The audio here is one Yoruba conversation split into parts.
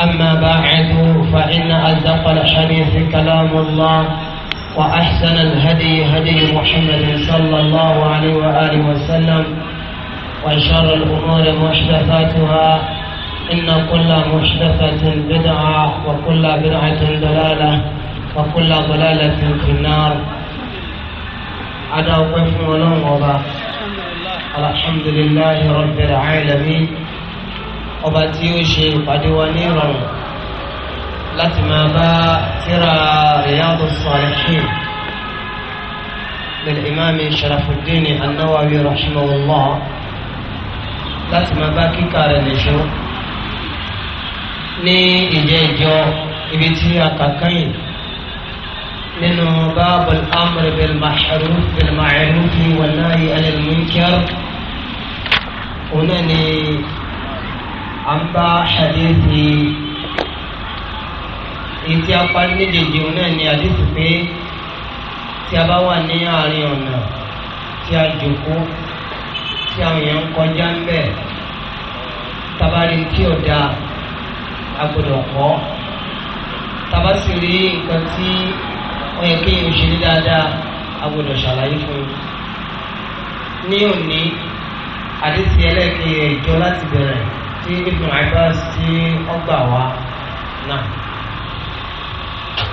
أما بعد فإن أصدق الحديث كلام الله وأحسن الهدي هدي محمد صلى الله عليه وآله وسلم وشر الأمور محدثاتها إن كل محدثة بدعة وكل بدعة ضلالة وكل ضلالة في النار أنا أقف ولون الحمد لله رب العالمين ọba tí ó ṣe ìpàdé wa ní ìrọ̀rùn láti máa bá tíra Riyadu Salihin lil Imam Sharafuddin An-Nawawi rahimahullah láti máa bá kíkà rẹ̀ nìṣó ní ìjẹ́ ìjọ ibi tí a kà nínú báàbù al-amr bil-ma'ruf bil-ma'ruf wal-nahy anil munkar òun náà ni à ń bá hadithi ètí apá méjèèjì òun náà ni hadithi pé tí a bá wà ní àárín ọ̀nà tí a jòkó tí àwọn èèyàn ń kọjá ń bẹ̀ o tí ò dáa a gbọ́dọ̀ kọ́ tabasi rí nǹkan tí wọ́n yẹ kéèyàn ṣe ní dáadáa a gbọ́dọ̀ ṣàlàyé fún un ní òní láti bẹ̀rẹ̀. في ابن عباس في الدعوة نعم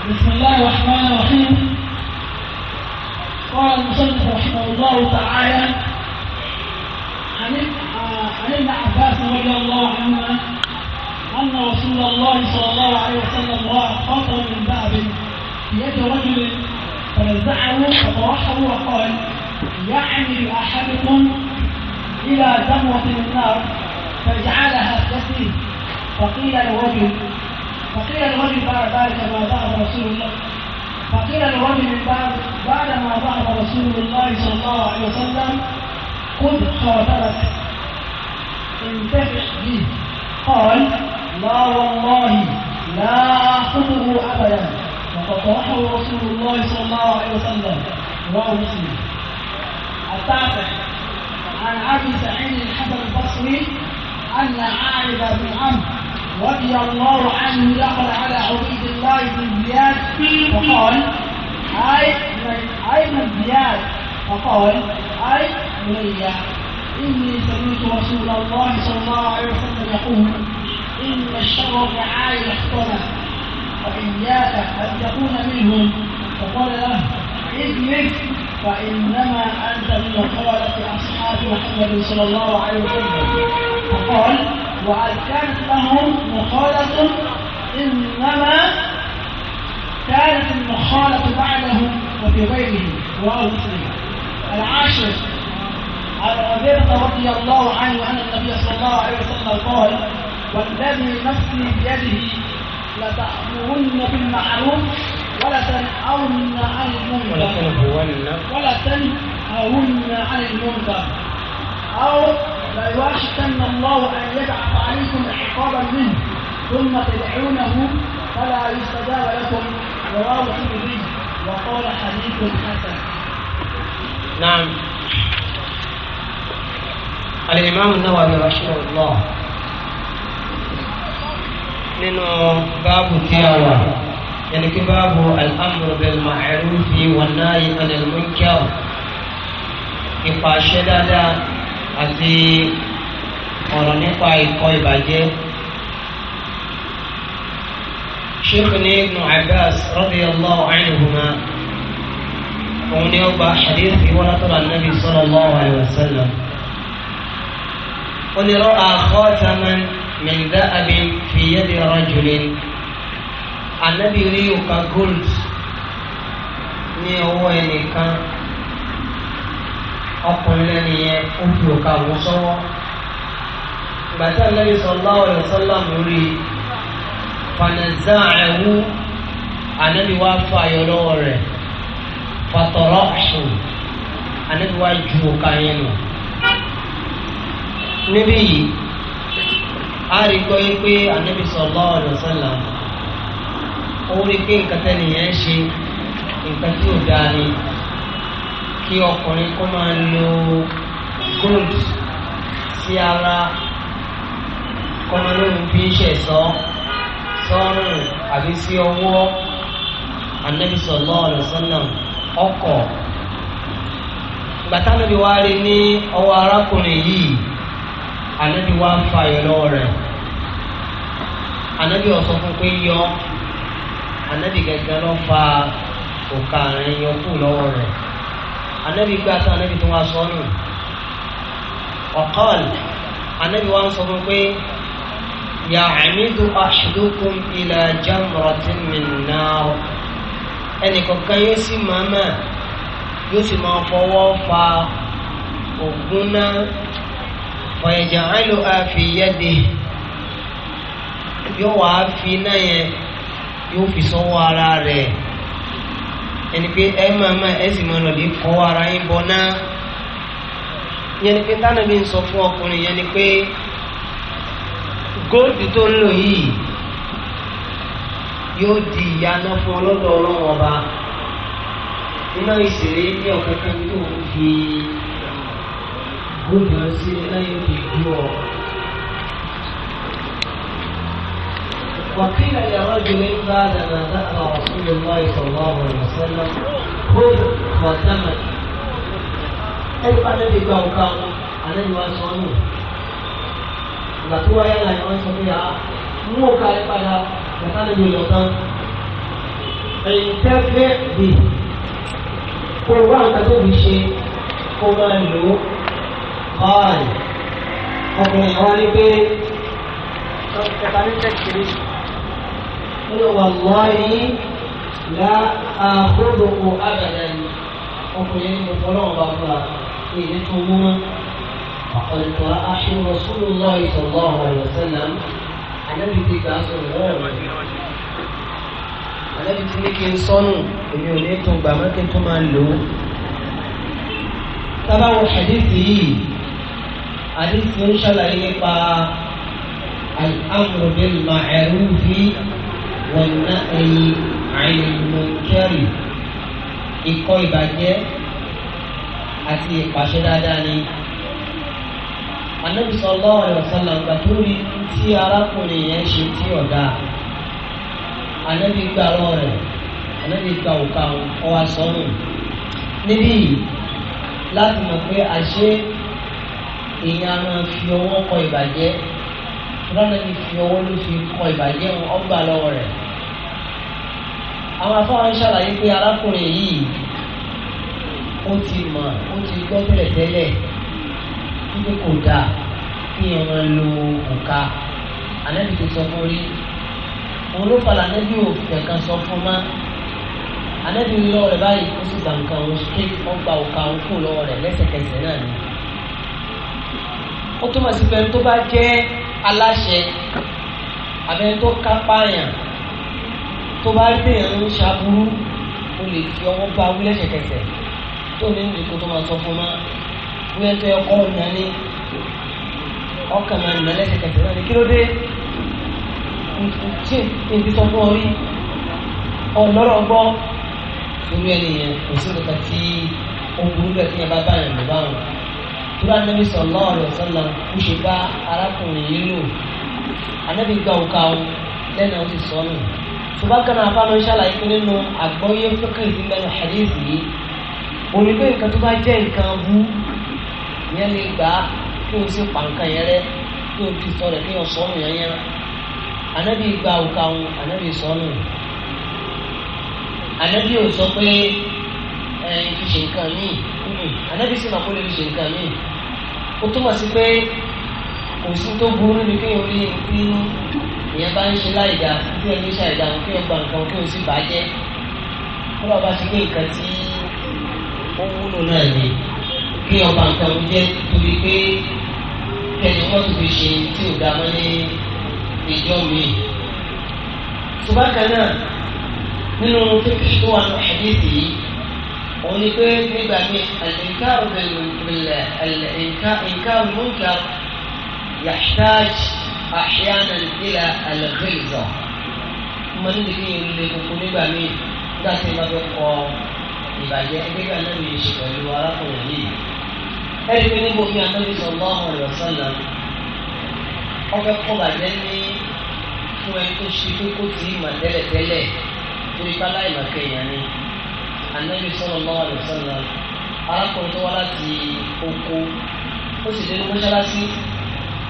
بسم الله الرحمن الرحيم قال المصنف رحمه الله تعالى عن ابن عباس رضي الله عنه أن رسول الله صلى الله عليه وسلم رأى خطر من باب بيد يد رجل فنزعه فتوحد وقال يعني أحدكم إلى دموة النار فجعلها تسري فقيل لرجل فقيل لرجل بعد ذلك ما ذهب رسول الله فقيل لرجل بعد بعد ما ذهب رسول الله صلى الله عليه وسلم خذ قاتلك انتفع به قال لا والله لا أخذه أبدا فطرحه رسول الله صلى الله عليه وسلم رواه مسلم التاسع عن ابي سعيد الحسن البصري أن عائد بن عمرو رضي الله عنه دخل على عبيد الله بن زياد وقال أي أي من زياد فقال أي بني إني سمعت رسول الله صلى الله عليه وسلم يقول إن الشر الرعاية الصلاة وإياك أن تكون منهم فقال له اجلس فإنما أنت من قولة أصحاب محمد صلى الله عليه وسلم وقال وقد كانت لهم مخالطة إنما كانت المخالطة بعدهم وفي غيرهم رواه مسلم العاشر عن عبيدة رضي الله عنه أن النبي صلى الله عليه وسلم قال والذي نفسي بيده لتأمرن بالمعروف ولتنهون عن المنكر ولتنهون عن المنكر أو لا يوشكن الله أن يبعث عليكم عقابا منه ثم تدعونه فلا يستجاب لكم رواه الترمذي وقال حديث حسن نعم الإمام النووي رحمه الله nínú باب tí يعني wa الأمر بالمعروف kí báàbù al-amru bil ma'rufi nahyi anil munkar àti ọ̀rọ̀ nípa ikọ̀ ìbàjẹ́. Sheikh ni Ibn Abbas radiyallahu anhuma òun ni ó gba hadith ìwọ́n látọ̀rọ̀ ànábì sallallahu alaihi wasallam. قل رأى خاتما من ذهب في يد رجل النبي ليو كقلت ni ọwọ́ ẹnìkan ọkùnrin lẹ́nu yẹn ó fi òkà wò sọ́wọ́ gbàtà lẹ́yìn sallallahu alaihi wasallam lórí fanẹ̀zá ẹ̀wú ànábi wá fà yọ lọ́wọ́ rẹ̀ fatọ̀rọ̀ ṣù ànábi wá ju òkà yẹn nù. níbí yìí a rí gbọ́ yí pé ànábi sallallahu alaihi wasallam ó rí pé nǹkan tẹ́nìyẹn ṣe nǹkan tí ni. kí ọkùnrin kó máa lo gold sí ara kọ́mọlóhùn bí ń ṣẹ̀sọ́ sọ́rùn àbí sí ọwọ́ anabi sallallahu alaihi wasallam wá rí ní ọwọ́ arákùnrin yìí anabi wá ń fa ìlọ rẹ̀ anabi ọ̀sọ́ fún pé yọ gẹ́gẹ́ fa òkà kù lọ́wọ́ rẹ̀. anabi gbà tán anabi tó wá sọ nù ọ̀kọ́ọ̀lù anabi wá ń sọ fún pé yàmídù aṣùdùkùn ilà jamratin min nar ẹnì kọ̀ọ̀kan yóò sì máa máa yóò sì máa fọwọ́ fa ògùn náà ọ̀yẹ̀jà àìlò àfìyẹ́dẹ̀ yóò wá fi náà yẹn yóò fi sọ́wọ́ ara rẹ̀. ẹni pé ẹ máa máa ẹ sì máa lọlé kọ́ ara yín naa náà fún ọkùnrin yẹn góòdù tó ń lò yìí yóò di ìyáná fún ọba iná ìṣeré ní tó ń fi góòdù sí láyé òbí gbọ́ ọ. وقيل لرجل بعدما ذهب رسول الله صلى الله عليه وسلم خذ وثمن ẹni bá lẹ́bi gba ọ̀gá àlẹ́yìn wa sọ nù ìgbà tó wáyé àlàyé wọn sọ pé à mú ọ̀gá rẹ padà bàtà lẹ́bi lọ tán ẹ̀yìn tẹ́gbẹ́ bì kó o wá nǹkan tó fi ṣe kó o máa lò ó báyìí ọkùnrin àwọn ni pé ẹ̀ka ní tẹ́kìrì ní wàlláhi la àkóbòkò àbẹ̀dẹ̀ ọkùnrin ní ọ̀pọ̀lọ́ ọba fúnra ní ìdí tó mú ọ̀pọ̀lọpọ̀ aṣọ Rasulullah sallallahu alaihi wasallam ànábì ti gbà sọ̀rọ̀ lọ́wọ́ ànábì ti ní kí n sọnù èmi al-amru bil ma'rufi. والنهي عن المنكر ikọ́ ìbàjẹ́ àti ìpàṣẹ dáadáa ni anabi sallallahu alaihi wasallam gbà tó rí tí arákùnrin yẹn ṣe tí ọ̀dà anabi gba ọ̀rọ̀ rẹ̀ anabi gba òkà ọwà sọ́nù níbí láti mọ̀ pé àṣé ìyẹn a máa fi ọwọ́ kọ ìbàjẹ́ lọ́nà ní fi owó ló fi kọ ìbàjẹ́ ọgbà lọ́wọ́ rẹ̀. àwọn afọwọ́n ṣàlàyé pé arákùnrin yìí ó ti mọ̀ ó ti gbọ́ tẹ́lẹ̀ tẹ́lẹ̀ wípé kò dáa kí ọmọ lo òkà ànábì ti sọ fún rí òun ló falà ànábì òfin kan sọ fún ma ànábì lọ́wọ́ rẹ̀ báyìí ó sì gbà nǹkan òun ṣe ọgbà òkà òun kò lọ́wọ́ rẹ̀ lẹ́sẹ̀kẹsẹ̀ náà ni ó túmọ̀ sí pé tó bá jẹ́ aláṣẹ abẹ́ni tó kápá yàn tó bá rí èèyàn ń ṣàbúrú o lè fi ọwọ́ bá wí lẹ́sẹ̀kẹsẹ̀ tó ní ní kó tó máa sọ fún ma wíyẹn tó yẹ kọ́ ọ̀nà ni ọkàn máa nà lẹ́sẹ̀kẹsẹ̀ náà ni kí ló dé tí èdè tó fún ọ rí ọ̀nọ́rọ̀ gbọ́ irú ẹni yẹn kò sí nǹkan tí ó burú bẹ́ẹ̀ kí yẹn bá bá yàn lọ tura níbi sọ̀lọ́ ọ̀rẹ́ sọ̀lọ́ kó ṣe bá arákùnrin yìí lò anábì gba òkà o lẹ́nu ó ti sọ nù tó bá kàn án fáwọn ṣàlàyé pé nínú àgbọ́yé fẹ́kẹ́ ìdí mẹ́nu hadith yìí òní pé nǹkan tó bá jẹ́ nǹkan bú yẹn lè gbà á kí o sì pa yẹn rẹ kí o ti sọ rẹ kí o sọ nù yẹn yẹn anábì gba òkà o anábì sọ nù anábì ò sọ pé ẹ ti ṣe nǹkan míì ànábì sì máa kó lè ṣe nǹkan míì ó túmọ̀ sí pé kò sí tó burú ni kéèyàn rí ní ìyẹn bá ń ṣe láìda kí ẹ ní ṣàìda kí ẹ gba nǹkan kí o sì bàjẹ́ kó bá bá ti gbé nǹkan tí ó wúlò náà ni kí ọba nǹkan mi jẹ́ torí pé kẹ́ni wọ́n ti fi ṣe tí ò dá mọ́ ní ìjọ mi. ṣùgbọ́n kan náà nínú kékeré tó wà ní ẹ̀dẹ́sì yìí òun ni pé nígbà míì al-inkaru bil-inkar munkar yahtaj ahyanan ila al-ghilza mo ní kí n lè koko nígbà míì nígbà tí mo bá kọ ìbàjẹ́ nígbà náà mi ṣe pẹ̀lú arákùnrin yìí ẹni pé níbo mi àtọ́jú sallallahu alaihi wasallam ọbẹ̀ kọ́ bàjẹ́ ní fún ẹni tó ṣe kókó tí mà tẹ́lẹ̀tẹ́lẹ̀ torí pálá anabi sallallahu a wasallam arákùnrin tó wá láti oko ó sì dénú mọ́ṣáláṣí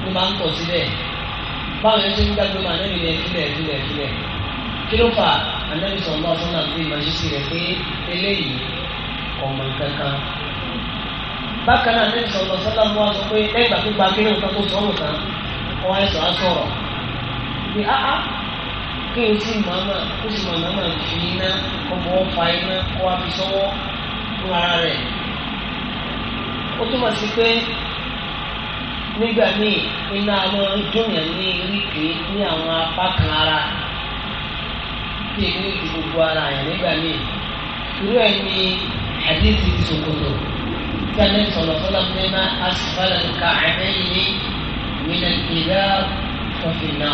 ló máa ń tọ̀ síbẹ̀ báwọn ẹni tó ń gbàgbé máa anabi yẹn fílẹ̀ fílẹ̀ fílẹ̀ kí ló fà anabi sallallahu alaihi wasallam gbé màṣíṣì rẹ̀ pé eléyìí ọmọ kankan bákan náà anabi sallallahu alaihi kí n sì mọ̀ náà kó sì mọ̀ náà máa fi iná ọmọ wọn fa iná kó wá fi sọ́wọ́ fún ara rẹ̀. ó túmọ̀ sí nígbà míì iná gbogbo ara yẹn nígbà míì. irú ní àdéhùn ní ìlà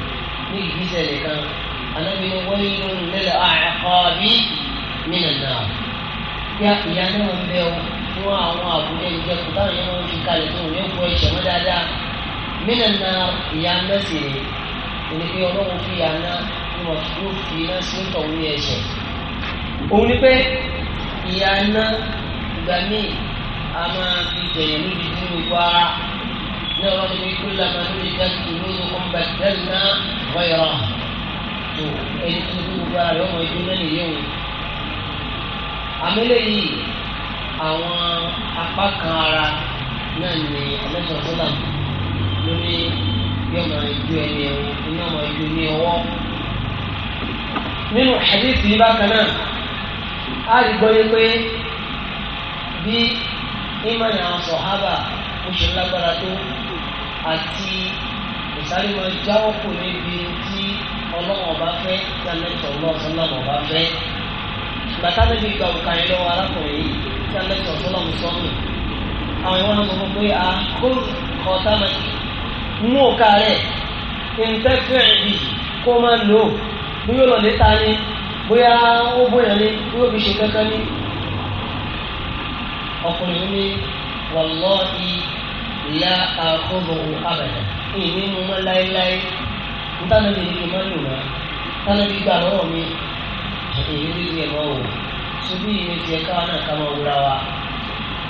ní ìgbésẹ̀ nìkan anábì ní wọ́n yín nílẹ̀ àkọ́bí nínú náà yá ìyá náà ń bẹ o fún àwọn àbúrò ìjẹ kò báwọn yẹn wọn fi kalẹ̀ tó wọn yóò fọ ẹ̀ṣẹ̀ wọn dáadáa nínú náà ìyá náà sì rè onípe ọlọ́run fi ìyá náà ní wọn fi yóò fi iná sí ìtọ̀ ní ẹ̀ṣẹ̀ òun ni pé ìyá náà ìgbà míì a máa fi tẹ̀yẹ̀ lójú nínú ìgbà ní ọ̀rọ̀ mi ní kúlẹ̀ màdúrà ìjà tìlú ọkùn bàtẹ́lì náà wáyọ̀rọ̀ tó ẹni tó gbogbo ara rẹ̀ ọmọ ìjọ náà nìyẹn o. àmẹ́lẹ̀ yìí àwọn apá kan ara náà ni ọlọ́sọ̀ sọ́là lórí yóò máa ju ẹni ẹ̀wọ̀n iná máa ju ní ọwọ́. nínú hadith yìí bákan náà a rí gbọ́ yé pé bí ìmọ̀ ní àwọn sọ̀hábà ó ṣe lágbára tó àti ìsáré máa jáwọ́ kò níbi tí ọlọ́wọ́n bá fẹ́ tẹ́lẹ̀tọ̀ lọ́sọ̀ náà wọ́n bá fẹ́. bàtà níbi ìgbà òkà yẹn lọ́wọ́ arákùnrin tẹ́lẹ̀tọ̀ sọ́lọ́mù sọ́nù àwọn ìwọ́n náà sọ pé a ah, kó kọ́tà máa mú òkà rẹ̀ ìntẹ́fẹ́ ìbí kó máa lò ó bóyá lọ lé ta ni bóyá ó bóyá ni bóyá fi ṣe kankan ni ọkùnrin ní wàlọ́ọ̀ì ìyá àkóbò abàdà ní ìní mú mọ́ láéláé nítorí mi ni mo lò wá tálẹ́ bí gbà lọ́wọ́ mi èyí ló yẹ mọ́ o ṣubú yìí ni tiẹ̀ káwa náà ká máa wúra wa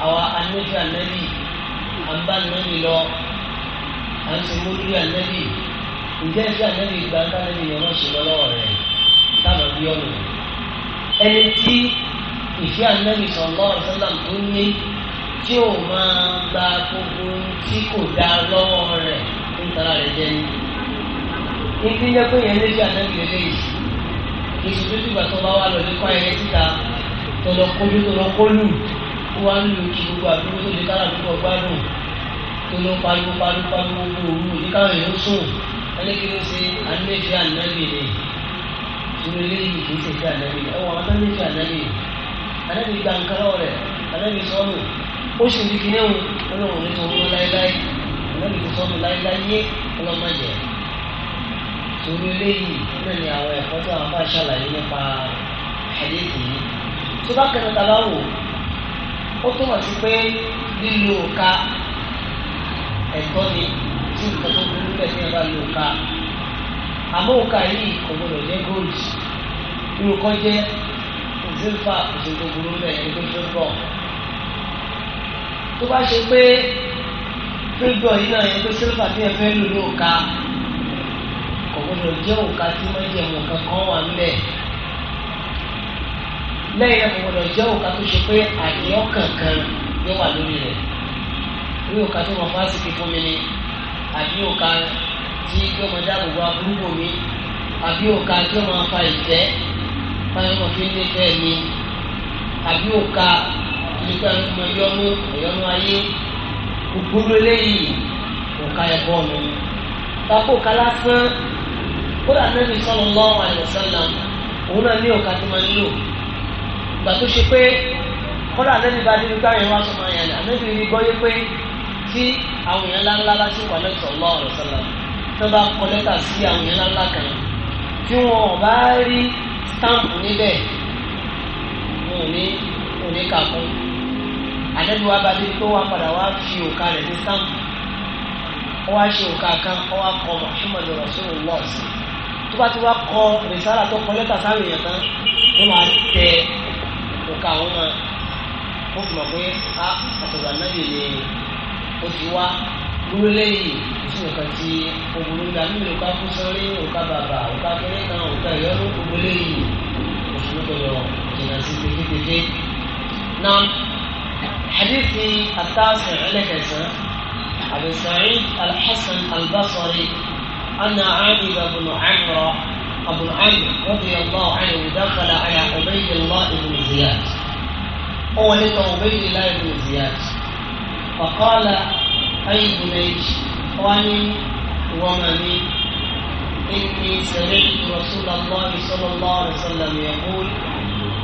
àwa anábì anábì àǹbá anábì lọ à ń ṣe mórí anábì ǹjẹ́ ṣé anábì gbà ń tálẹ́ yẹn wọ́n ṣe lọ́wọ́ rẹ̀ táwọn bí ọ̀nà ẹni tí ìfẹ́ anábì sallallahu alaihi wasallam tó ní. tí ò máa gba gbogbo tí kò dá lọ́wọ́ rẹ̀ ń rẹ̀ jẹ́ ní. Ibi jẹ́ pé yẹn lójú ànábì lélẹ̀ yìí. Èsì tó dìgbà tó bá wà lọ ní kọ́yẹ títa tó lọ kójú kólù tó wá ń kí gbogbo àdúgbò tó lè kára àdúgbò gbádùn tó lọ pariwo pariwo pariwo gbogbo òru káwọn èèyàn sùn ẹni kí ló ṣe ni. Ìṣòro eléyìí kì í ṣe ó sì rí kíní ẹ̀wọ̀n ọlọ́run ní sanwó láéláé ọlọ́run ní sanwó láéláé ọlọ́mọdé torí eléyìí náà ni àwọn ẹ̀kọ́ tó àwọn afáà ṣàlàyé nípa àdéhùn yìí tó bá kẹta tá a bá wò ó túmọ̀ sí pé lílo òka ẹ̀tọ́ ni tí nǹkan tó burú bẹ̀ ní ẹ̀bá lo òka àmọ́ òka yìí kò gbọdọ̀ jẹ́ gold irú kan jẹ́ òṣèlú òṣèlú gbogbo bẹ̀ ẹni tó fẹ́ bọ̀ tó bá ṣe pé pírígọ̀ yìí náà yẹ pé sílùfà tí ẹ fẹ́ lò ló ka kò gbọdọ̀ jẹ́ òǹkà tí wọ́n jẹ òǹkà kan wà ńlẹ̀ lẹ́yìn náà kò gbọdọ̀ jẹ́ òǹkà tó ṣe pé àdéhùn kankan yóò wà lórí rẹ̀ orí òǹkà tó mọ fásitì fún mi ni àbí òǹkà tí yóò máa dáàbò bo mi àbí òǹkà tí yóò máa fa báyọ̀ mọ̀ fi ń lé fẹ́ mi àbí òǹkà ibi tí a ti mọ yọnu ìyọnu ayé gbogbo eléyìí kò ka ẹ̀kọ́ mi tako kala fún kódà Ànábì sallallahu alaihi wasallam òun náà ní ọ̀ka tí máa ń lò ìgbà tó ṣe pé kódà Ànábì bá débi káyọ̀ wá sọmọ yẹn ni Ànábì ní gbọ́ yé pé tí àwọn èèyàn ńláńlá bá ti wà Ànábì sallallahu alaihi wasallam tó bá kọ lẹ́tà sí àwọn èèyàn ńláńlá kan tí wọn ò bá rí stamp níbẹ̀ wọn ò ní wọn ò ní kà kún àdẹ́lu wa bá débi pé wọ́n padà wá fi òkà rẹ̀ ní sáàmù wọ́n wá ṣe òkà kan wọ́n wá kọ Muhammad Rasulullah sí tó bá ti wá kọ rìsálà tó kọ lẹ́tà sáwọn èèyàn tán wọ́n máa tẹ òkà àwọn ọmọ wọ́n fi mọ̀ pé a àtọ̀gbà náà yìí ni ó ti wá dúró lẹ́yìn ìṣúná kan tí òwúrò gbà nínú òkà kú sọ́rí òkà bàbà òkà kéré kan òkà ìyọ́nú òwúrò lẹ́yìn òṣùwọ́n tó yọ jìnnà sí péjépéjé náà. حديث التاسع لكسر أبي سعيد الحسن البصري أن عامر بن عمرو أبو عمرو رضي الله عنه دخل على عبيد الله بن زياد هو لك عبيد الله بن زياد فقال أي بنيج وأني ومني إني سمعت رسول الله صلى الله عليه وسلم يقول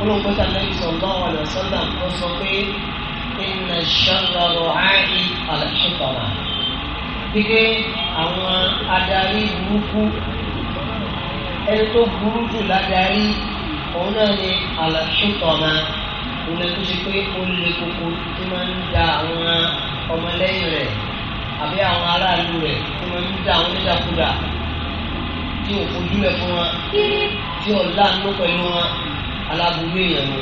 قلوا النبي صلى الله عليه وسلم وصفين ìnà ṣàlọ́rọ̀ àì àlàṣẹ́tọ̀mà wípé àwọn adarí burúkú ẹni tó burú jù ládarí òun náà ni àlàṣẹ́tọ̀mà òun ẹni tó ṣe pé ó le koko tó máa ń da àwọn ọmọlẹ́yìn rẹ̀ àbí àwọn aráàlú rẹ̀ tó máa ń da àwọn onídàkúdà tí ò fojú rẹ̀ fún wọn tí ò láàánú pẹ̀lú wọn aláburú èèyàn ni.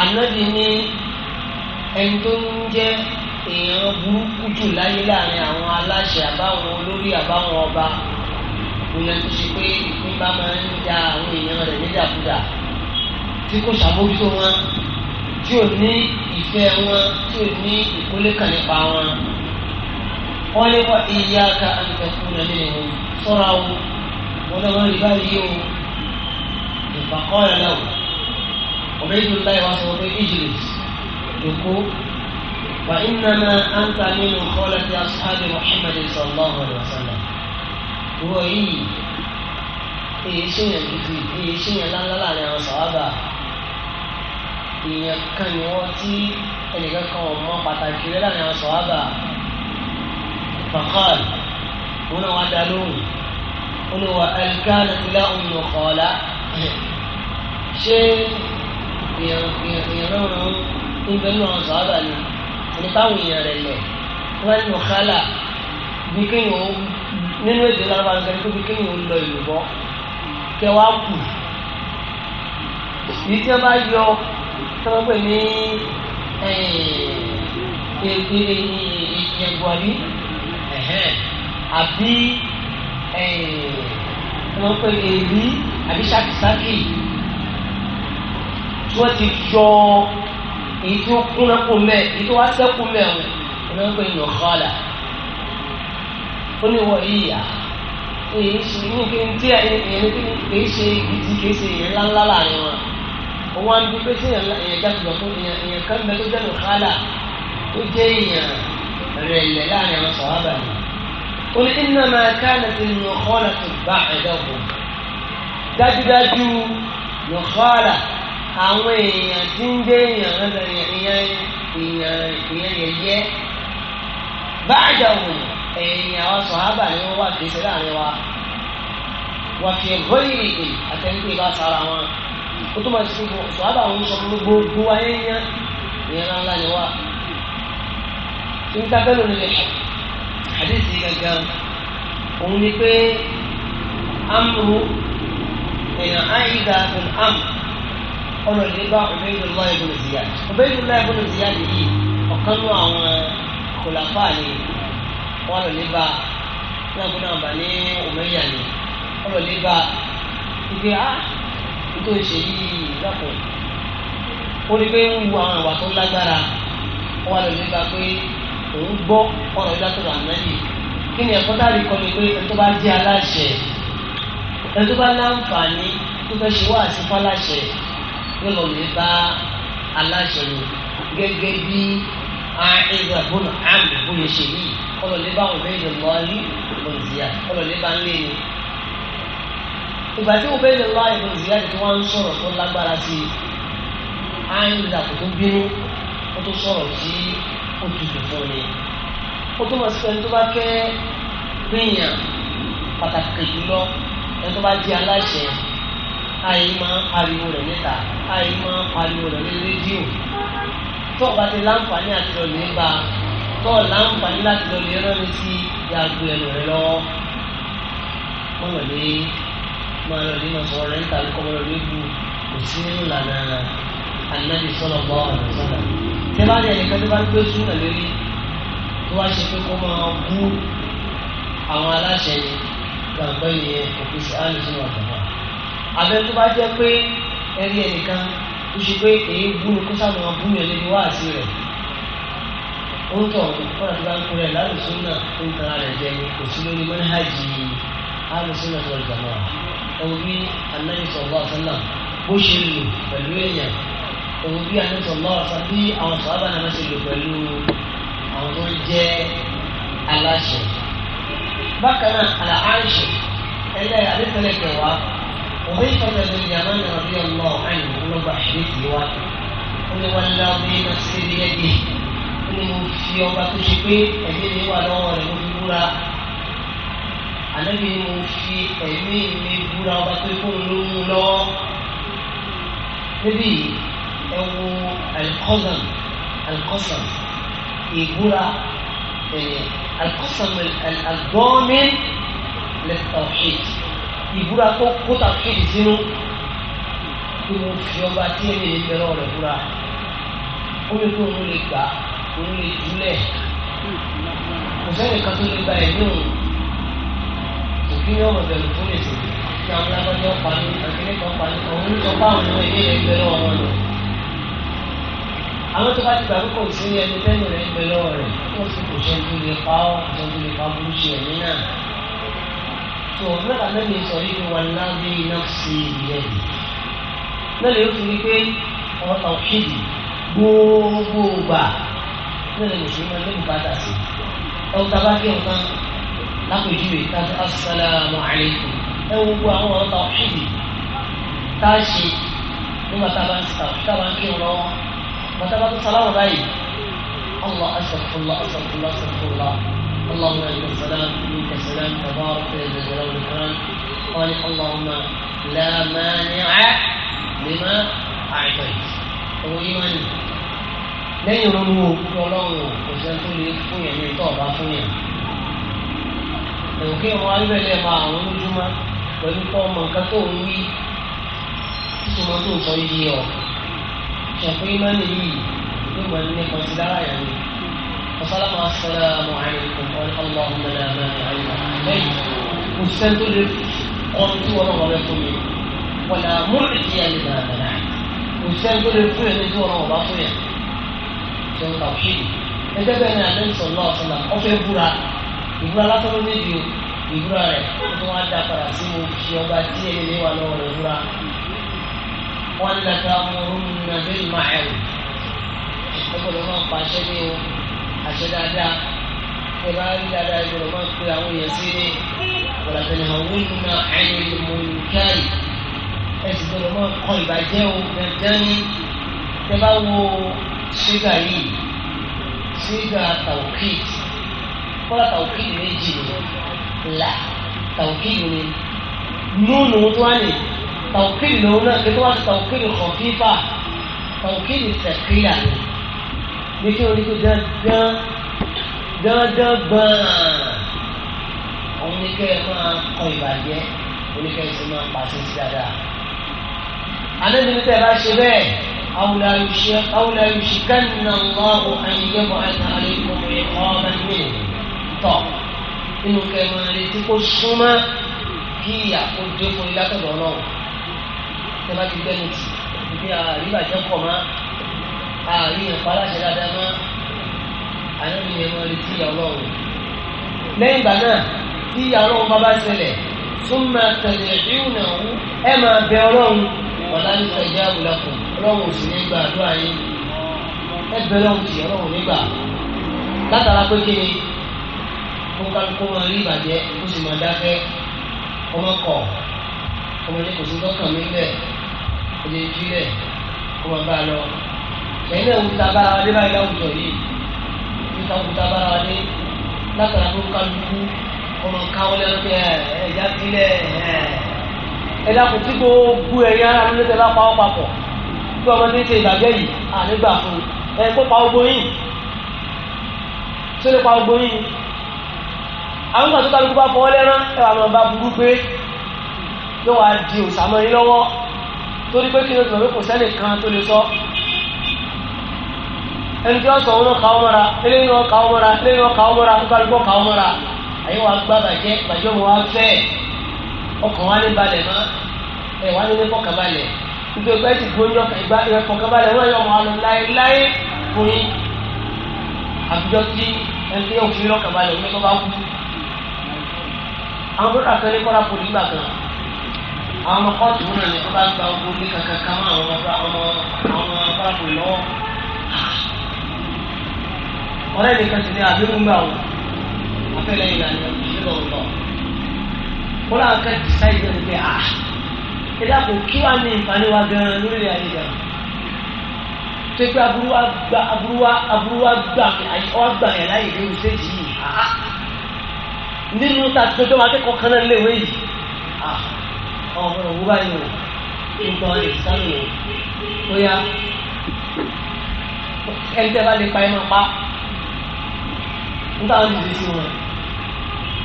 ànábì ní ẹni tó ń jẹ́ èèyàn burúkú jù láyé láàrin àwọn aláṣẹ àbáwọn olórí àbáwọn ọba ìyẹn tó ṣe pé ìpín bá máa ń da àwọn èèyàn rẹ̀ nídàkúdà tí kò ṣàbójútó wọn tí ò ní ìfẹ́ wọn tí ò ní ìkólé kan nípa wọn. wọ́n lé wá iye aka àǹtẹ̀kùn náà nínú wọn sọ́ra o wọ́n lọ́wọ́ rí báyìí o ìfàkọ́ rẹ̀ náà. عبيد الله واسمه اجلس دكو وانما انت من خولة اصحاب محمد صلى الله عليه وسلم هو اي اي شيء اي شيء لا لا لا يا صحابة اي كان يوتي اللي كان ما بتاكل لا يا صحابة فقال هنا وعدلون هنا وقال كانت لا ام خالة شيء èèyàn lọ́rùn ń bẹ lọ́rùn sọ́ọ́bà ni ẹni táwọn èèyàn rẹ̀ lẹ̀ wọ́n ní ọ̀kálà bí kéèyàn nínú èdè lọ́wọ́ àgbẹ̀ tó bí kéèyàn lọ ìlú bọ́ kẹwàá kù yìí tí wọ́n bá yọ tí wọ́n pè ní eh, ìyẹ̀gbọ̀n àbí àbí eh, wọ́n pè ní èyí àbí ṣàkìṣàkì wọ́n ti yọ èyí tí ó kúnná kó mẹ́ èyí tó wá sẹ́kù mẹ́ o ọ̀nà ń pè ní ọ̀kọ́là ó ní wọ́n yíyà èyí ṣe ní kí n tí ẹni kì í ṣe ìdí kì í ṣe èyí ńláńlá láàrin wọn òun á ń bí pé sí èyàn jákèjọ tó èyàn kan bẹ tó jẹ́ ọ̀kọ́là tó jẹ́ èyàn rẹ̀ láàrin àwọn sọ̀rọ̀ ó ní innama kanat al-mukhalatu ba'dahu dájúdájú ọ̀kọ́là àwọn èèyàn tí ń gbé èèyàn lọ́dọ̀ èèyàn èèyàn èèyàn yẹyẹ báàjà wò ẹ̀yìn àwọn sọ̀hábà ni wọ́n wà kìí ṣe láàrin wa wà fi ẹ̀gbọ́n ìrìnkè àtẹ̀ǹkè bá sara wọn ó túmọ̀ sí fún sọ̀hábà wọn sọ fún gbogbo ayé yẹn ìyẹn ńlá ni wa nta bẹ́ẹ̀ lónìí lè àdéhìí gangan òun ni pé amru èèyàn áyíga fún amru ọ̀nà ìdíbà Ubaydullah ibn Ziyad Ubaydullah ibn Ziyad yìí ọ̀kan nú àwọn kòlàfà ni wọ́n lọ níbà nígbàgbọ́n náà bà ní òmẹ́yà ni wọ́n lọ níbà ìgbé á tó ń ṣe yìí lọ́pọ̀ ó rí pé ń wo àwọn ìwà tó lágbára wọ́n wá lọ níbà pé òun gbọ́ ọ̀rọ̀ ìdátọ̀rọ̀ ànáyì kí ni ẹ̀kọ́ tá a ni pé ẹni bá jẹ́ aláṣẹ ẹni tó bá láǹfààní tó fẹ́ ṣe wá àti fáláṣẹ yóò lọ lè bá aláṣẹ ni gẹ́gẹ́ bí àìsàn bọ́ọ̀lù àmì bọ́ọ̀lù ṣe yìí kọlọ̀ lè bá àwọn ọ̀bẹ ìdè lọ rí ìbòlùsíyà kọlọ̀ lè bá ń lé ni. ìgbà tí ọ̀bẹ ìdè lọ ìbòlùsíyà ti wá ń sọ̀rọ̀ tó lágbára sí i àìsàn kò tó bínú ó tó sọ̀rọ̀ tí ó tutù fún ni. ó tó mọ̀ sí pé ẹni tó bá fẹ́ gbìyàn pàtàkì jùlọ ẹni tó bá di aláṣẹ àyè máa pariwo rẹ̀ níta àyè máa pariwo rẹ̀ ní rédíò tó bá ti láǹfààní àti lọ́lẹ̀ ń bá tó láǹfààní láti lọ́lẹ̀ rán mi sí yàgò ẹnu rẹ̀ lọ́wọ́ wọ́n lọ lé máa lọ lé máa sọ̀rọ̀ rẹ̀ níta kọ́ lọ lé bu kò sí nínú ìlànà Ànábì sọ̀rọ̀ bọ́ ọ̀nà sọ̀rọ̀ tí bá rí ẹnìkan tó bá gbé súnà lórí tó wá ṣe pé kó máa bú àwọn aláṣẹ yìí gbàgbọ́ yìí kò fi sí àlùsùn àtàwọn abẹ́ tó bá jẹ́ pé ẹrí ẹnìkan tó ṣe pé èyí búrú kó sáà máa búrú ẹni wá àti rẹ̀ ó tọ̀ kọ́nà tó bá ń kúrẹ́ lálùsùn náà tó ń tara rẹ̀ jẹ kò sí lórí mẹ́nhàjì alùsùn náà tó lọ jàmọ́ ẹ̀wọ̀n bí Ànábì sallallahu alaihi bó ṣe lò pẹ̀lú èèyàn ẹ̀wọ̀n bí Ànábì sallallahu alaihi bí àwọn sọ̀rọ̀ náà àwọn tó ń jẹ́ aláṣẹ. bákan náà àlàáṣẹ ẹlẹ́ àdékọ́lẹ̀ حذيفة بن اليمان رضي الله عنه ولو حديث واحد قل والذي نفسي بيده قل من في يوم أجل هو لور مجبورا النبي من في أمين مجبورا وبتكون لهم نبي أو القسم القسم يقول القسم الضامن للتوحيد ìbúra tó kóta tóbi sínú kí mo fi ọba tí èmi lè bẹ̀rẹ̀ ọ̀rẹ́ búra ó ní kí òun lè gbà òun lè dúlẹ̀ kò sẹ́yìn kan tó lè gba ẹ̀mí òun òbí ni ọmọ bẹ̀rù tó lè sèké ní àwọn alábọ́jọ́ pàmì àkíní kan pàmì kan òun tó bá àwọn ẹ̀mí rẹ̀ bẹ̀rẹ̀ ọ̀rọ̀ lọ. àwọn tó bá ti gbà púpọ̀ sí ẹni tẹ́nu rẹ̀ bẹ̀rẹ̀ ọ̀rẹ́ tó sì kò sẹ́ńtú lè pa ọ́ sẹ́ńtú lè pa burúkú ẹ̀mí náà tó mẹ́ta lẹ́nu sọ yìí wà lábẹ́ iná sí ìyẹn náà lè fi wípé ọ̀kìdì gbogbo gbà náà lè mùsùlùmí máa lẹ́nu bàtà sí ọ̀tá bá kí ọ̀tá lápèjúwe káfí asàlámù àlẹ́kùn ẹ wo gbogbo àwọn ọ̀tá ọ̀kìdì tá a ṣe nígbà tá a bá ń sà tá a bá ń kí ọ̀rọ̀ wọn bàtà bá tó sálámù báyìí Allah asàfùlá asàfùlá asàfùlá. اللهم انت السلام منك السلام تبارك يا ذا الجلال والاكرام قال اللهم لا مانع لما اعطيت هو ايمان lẹ́yìn ronú òkú ọlọ́run kò sẹ́ni tó lè fún yẹn ní tọ́ọ̀bá fún yẹn òkè wọn alẹ́lẹ́ máa àwọn olójúmọ́ pẹ̀lú kọ́ ọmọ nǹkan tó ń wí sísúnmọ́ tó ń sọ yí ọ ṣàpé imáni yìí ló máa ń ní kọsídára yẹn ni. وسلم السلام عليكم اللهم لا مانع لما اعطيت مستند قمت ورغبكم ولا معطي لما منعت مستند الفعل دون رغبتنا ṣe ń ka òṣèlú ẹgbẹ́ bẹ́ẹ̀ ni àlẹ́ ìsọ̀lá ọ̀sọ̀lá ọ̀fẹ́ búra ìbúra látọ̀rọ̀ méjì o ìbúra rẹ̀ tó wá dá padà sí mo fi ọba tí ẹni lé wa lọ́wọ́ rẹ̀ búra wọn lè ta ọmọ orúkọ nàbẹ́ ìmọ̀ ẹ̀rù ọgbọ́dọ̀ náà pàṣẹ ní o àṣẹ dáadáa ẹ bá rí dáadáa ìgbọ̀rọ̀ máa ń pe àwọn èèyàn sí ní ọ̀làtẹ̀lẹ̀ àwọn ìlúna ẹni ìmọ̀lùkárì ẹ sì gbọ̀rọ̀ máa kọ ìbàjẹ́ o dandan ní tẹ bá wo ṣúgà yìí ṣúgà tàwùkìtì kọ́lá tàwùkìtì méjì là tàwùkìtì ni núùnù tó wá ní tàwùkìtì lòun náà kí tó wá sí tàwùkìtì kọ̀ọ̀fífà tàwùkìtì tẹ̀kíyà ni ní kí wọ́n ní kó dandan dandan gbọ̀n òun ní kẹ́ ẹ máa kọ ìbàjẹ́ oníkẹ́ ẹ sì máa pàṣẹ sí dáadáa. anábìrin tẹ́ ẹ bá ṣe bẹ́ẹ̀ awùlà yìí kán nà lọ́wọ́ àyẹ̀wò àìsàn àlẹ́kùn ẹ̀kọ́ ọ̀gá mi tọ̀ nínú kẹ́ ẹ máa retí kó súnmọ́ kí àkójọ fún ilé akọ̀dọ̀ náà tẹ́ bá ti gbẹ́nu tì ní àríbàjẹ́ pọ̀ máa àárín ẹ̀pá aláṣẹ dáadáa mọ́ ànábì yẹn mọ́ retí ọlọ́run. lẹ́yìn ìgbà náà tí ọlọ́run bá bá ṣẹlẹ̀ súnmọ́ tẹ̀lé ìhùnà ọ̀hún ẹ máa bẹ ọlọ́run ọ̀la ní ìfẹ̀jẹ̀ àbùlákùn ọlọ́run ò sì ní gbà àdúrà yín ẹ bẹ ọlọ́run tì ọlọ́run nígbà látara pé kí ni kó kálukú máa rí ìbàjẹ́ kó sì máa dákẹ́ ọmọ kọ̀ ọmọdé kò sí tọ́kàn mi bẹ́ẹ̀ ọdẹ ìfilẹ̀ kó máa bá a lọ ẹ̀yin náà wúta bára wa dé báyìí láwùjọ yìí wúta wúta bára wa dé látara tó kálukú ọmọ káwọn lẹ́nu ẹ̀ ẹ̀yà sílẹ̀ ẹ̀ ẹ̀dá kò tí kò gbú ẹ̀yà ara ló tẹ̀lé apá papọ̀ kí ọmọ ní ṣe ìbàjẹ́ yìí ànígbà fún ẹ̀ kó pa ogbó yìí tó lè pa ogbó yìí àwọn kan tó kálukú bá fọwọ́ lẹ́rán ẹ̀ wà máa burú gbé yóò wá di òsàmọ́ yín lọ́wọ́ torí pé kí ló ẹni tí wọ́n sọ wọn kà ọmọra eléyìí wọn kà ọmọra eléyìí wọn kà ọmọra gbàgbọ́ kà ọmọra àyè wa gbá bàjẹ́ bàjẹ́ wọn wá fẹ́ ọkàn wa ní balẹ̀ mọ́ ẹ̀ wá ní ní fọkàn balẹ̀ nítorí ẹgbẹ́ ti gbóyọ ìgbà ìfọkàn balẹ̀ wọn yọ wọn lọ láéláé fún yín àbújọ tí ẹni tí yóò fi lọ́kàn wọn tó bá kú àwọn bọ́dà kan ní kọ́ra poli gbà kan àwọn kọ́ọ̀tù wọn náà ní kọ́ gba ogun ní kankan kan àwọn ọmọ ọ̀rẹ́ mi kan sì ní àdéhùn gbà wọn afẹ́lẹ́ ìlànà ìṣẹ̀lẹ̀ ọ̀tọ̀ wọn làwọn kan ti sáyé ìjọba pé à ah, ẹ dàpọ̀ kí wàá ní ìfàní wa gan-an lórílẹ̀ ayé gan tó pé aburú wa gba aburú wa aburú wa gba wa gba yẹn láyé ìdí oṣù tèjì yìí à ah, ah. nínú ta gbẹdọ̀ wa kẹ́kọ̀ọ́ kan náà léwé yìí à ọmọ òwú báyìí o nǹkan ìsánú o ó yá ẹni tẹ́ bá lè pa ẹ máa pa nígbà wọn dìde sí wọn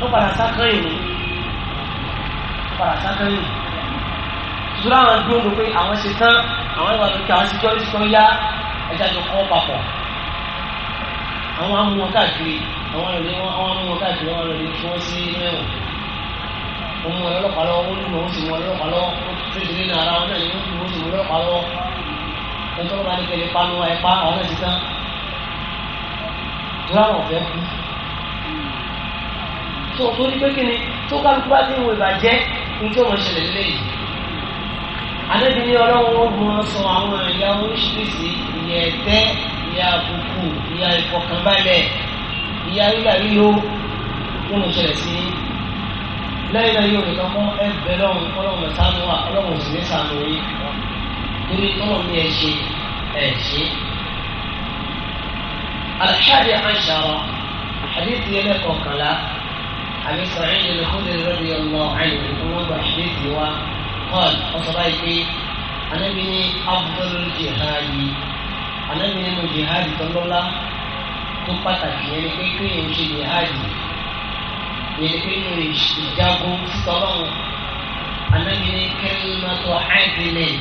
wọn padà sákẹ́yìn ní wọn padà sákẹ́yìn ṣùgbọ́n àwọn dúró ló pé àwọn ṣe tán àwọn ìwà lókè àwọn ṣíjọ́ ní sọ́n yá ẹja jọ kọ́ papọ̀ àwọn amú wọn káàkiri àwọn ìrọ̀lẹ́ wọn àwọn amú wọn káàkiri wọn ìrọ̀lẹ́ tí wọ́n sí mẹ́wọ̀n wọn mú ọlọ́pàá lọ́wọ́ wọn lù wọ́n sì mú ọlọ́pàá lọ́wọ́ wọn tó ti lé náà ara wọn náà ni wọ́n sì mú ọlọ́pàá lọ́wọ́ ẹjọ́ bá ní kẹ́lẹ́ pa ní wọn ẹ̀ pa àwọn náà ti tán láwọn ọ̀fẹ́ kú tó torí pé kí ni tó kálukú bá ti ń wo ìbàjẹ́ ní tí wọ́n ṣẹlẹ̀ lẹ́yìn àdébí ní ọlọ́run ó gbọ́n sọ àwọn ẹ̀yà oríṣiríṣi ìyà ẹ̀tẹ́ ìyà àbùkù ìyà ìfọ̀kànbalẹ̀ ìyà rírà ríro nínú ìṣẹ̀lẹ̀ sí lẹ́yìn náà yóò nìkan ẹgbẹ́ lọ́run ọlọ́run sánú ọlọ́run sì ní sànú yìí torí ọlọ́run ní ẹ̀ ṣe الحادي عشر حديث يليق وكلا أبي سعيد الخدري رضي الله عنه أمام حديثه وقال وصبايكي أنا من أفضل الجهاد أنا من الجهاد صلى الله tó pàtàkì yẹn ni pé kéèyàn ṣe jihad yẹn ni pé kéèyàn ìjagun sọlọ́wọ́ anábì ní kẹ́lí mọ́tò àìdílẹ̀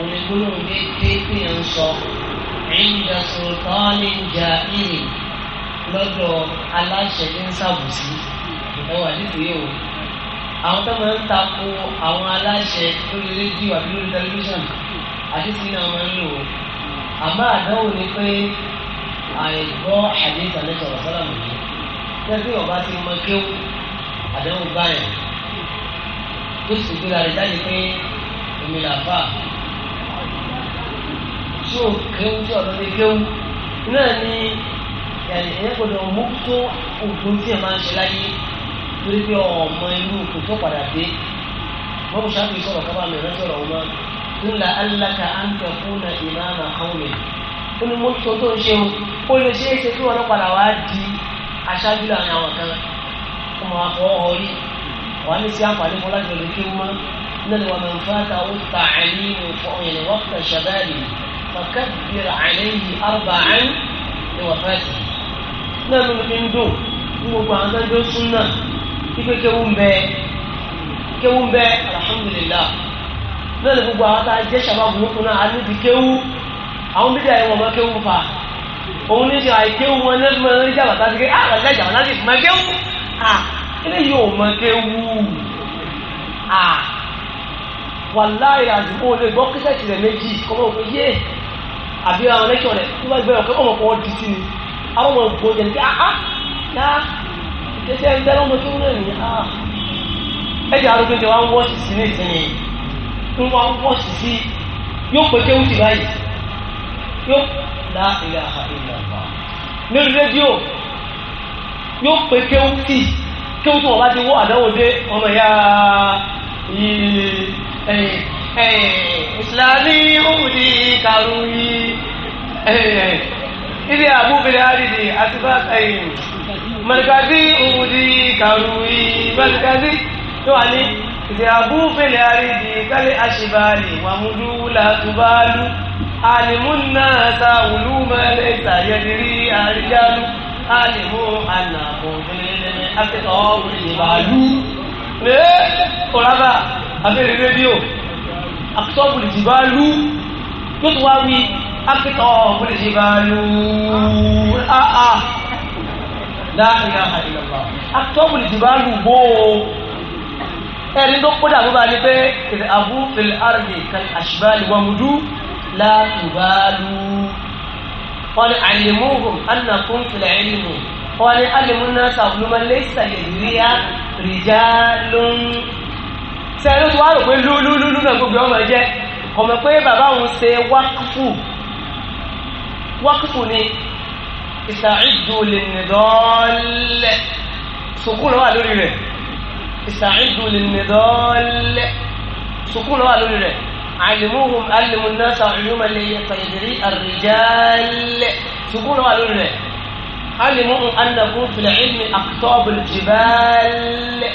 onígbólóhùn déédéé kéèyàn ń sọ ìjà sultani ja'iri lọ́dọ̀ aláṣẹ ní sàbùsí ẹwà nídìí yìí o àwọn tó máa ń takò àwọn aláṣẹ lórí rédíò àbí lórí tẹlifíṣàn àti tí náà máa ń lò ó àmọ́ àdánwò ni pé àìgbọ́ àdéhùn àlẹ́ sọ̀rọ̀ sọ́lá mi yìí tẹ́tí ọba ti mọ kéwù àdánwò báyà tó sì gbéra rẹ̀ jáde pé omi làbá tí ò kéwú tí ọ̀dọ́ lè kéwú náà ni ẹ̀yẹ́ gbọ́dọ̀ mú tó ògùn tí ẹ̀ máa ń ṣe láyé torí pé ọmọ inú kò tó padà dé wọ́n kò ṣáàpì sọ̀rọ̀ kábà mi rẹ́ sọ̀rọ̀ wọn ń la aláka á fún na ìmáàmà kọ́wé ó ní mo tó tó ń ṣe o ó lè ṣe é ṣe kí wọn padà wá di aṣáájú láàrin àwọn kan kó máa fọ rí wà á ní sí àǹfààní fún láti lè kéwú mọ́ náà ni wà á máa ń fẹ́ àtàwọn tààlí فكبر عليه أربعا لوفاته náà ló fi ń dùn ní gbogbo àwọn tó ń jó súnà kíkẹ́ kéwú ń bẹ kéwú ń bẹ alhamdulillah náà ló gbogbo àwọn tá a jẹ́ sábàbù nìkan náà a ní ti kéwú àwọn bídà yẹn wọ́n máa kéwú fa òun ní sọ àìkéwú wọn ní ẹgbẹ́ wọn ní jàmbá tá a ti ké ah wàlúwà jàmbá náà ti máa kéwú ah kíni yóò máa kéwú ah wàlúwà yàtúkọ̀ lè gbọ́ kíkẹ́ tìrẹ̀ méjì kọ́mọ́ òkú yé àbí àwọn lẹ́kṣọ̀ rẹ̀ tí wọ́n gbẹ̀rẹ̀ ọ̀kọ́ ọmọkọ̀ wọ́n di sí ni àwọn ọmọ ògbó jẹ́ nípa àá yá ìtẹ́sẹ̀ ń tẹ́lọ́mọ tó ń rẹ̀ ní àá ah. ẹ̀jẹ̀ arúgbó jẹ́ wọ́n wọ́ọ̀sì sí ní ìsinmi ń wọ́n wọ́ọ̀sì sí yóò pé kéwù ti báyìí yóò dá ilé àhà ilé àbá lórí rédíò yóò pé kéwù tì kéwù tó wọ́n bá ti wọ́ àdáwò dé ọmọ ìyá ẹ̀yìn islami udi karuni ili abu bilhadidi asibat markazi udi karuni markazi to ani ili abu bilhadidi kali ashibali wa mudula tubalu alimun nasa uluma laysa yadri arijalu alimu annahu bililmi akitawu ibalu ne kolaba abiri akitọ́bù lè ti bá lú yóò tún wá wí akitọ́bù lè ti bá lú áá láàrin àìlọ́gbà akitọ́bù lè ti bá lú bó o ẹni tó kó dàbí bá ní pé kìlì abú fìlì àrùbí kan ni wọn mú láàrin bá lú wọn ni àlèmóhùn annakun fìlì ẹ̀lìmù wọn ni àlèmú náà sàbùnú máa lé sàlẹ̀ ríà sẹ́yìn ló ti wá rò pé lúlúlúlú náà gbogbo ọmọ jẹ́ ọmọ pé bàbá òun ṣe wákùfù wákùfù ni ìṣàìdù lè nìdọ́ọ́lẹ̀ sùkúrù wà lórí rẹ̀ ìṣàìdù lè nìdọ́ọ́lẹ̀ sùkúrù wà lórí rẹ̀ àlìmúhùn alìmúnáṣà ìlúmọ̀lẹ̀ ìyẹ̀fẹ̀yẹ̀dẹ̀rí àrìjálẹ̀ sùkúrù wà lórí rẹ̀ alìmúhùn anàkú fìlẹ̀ ìlmi àkọ́bùl jìbálẹ̀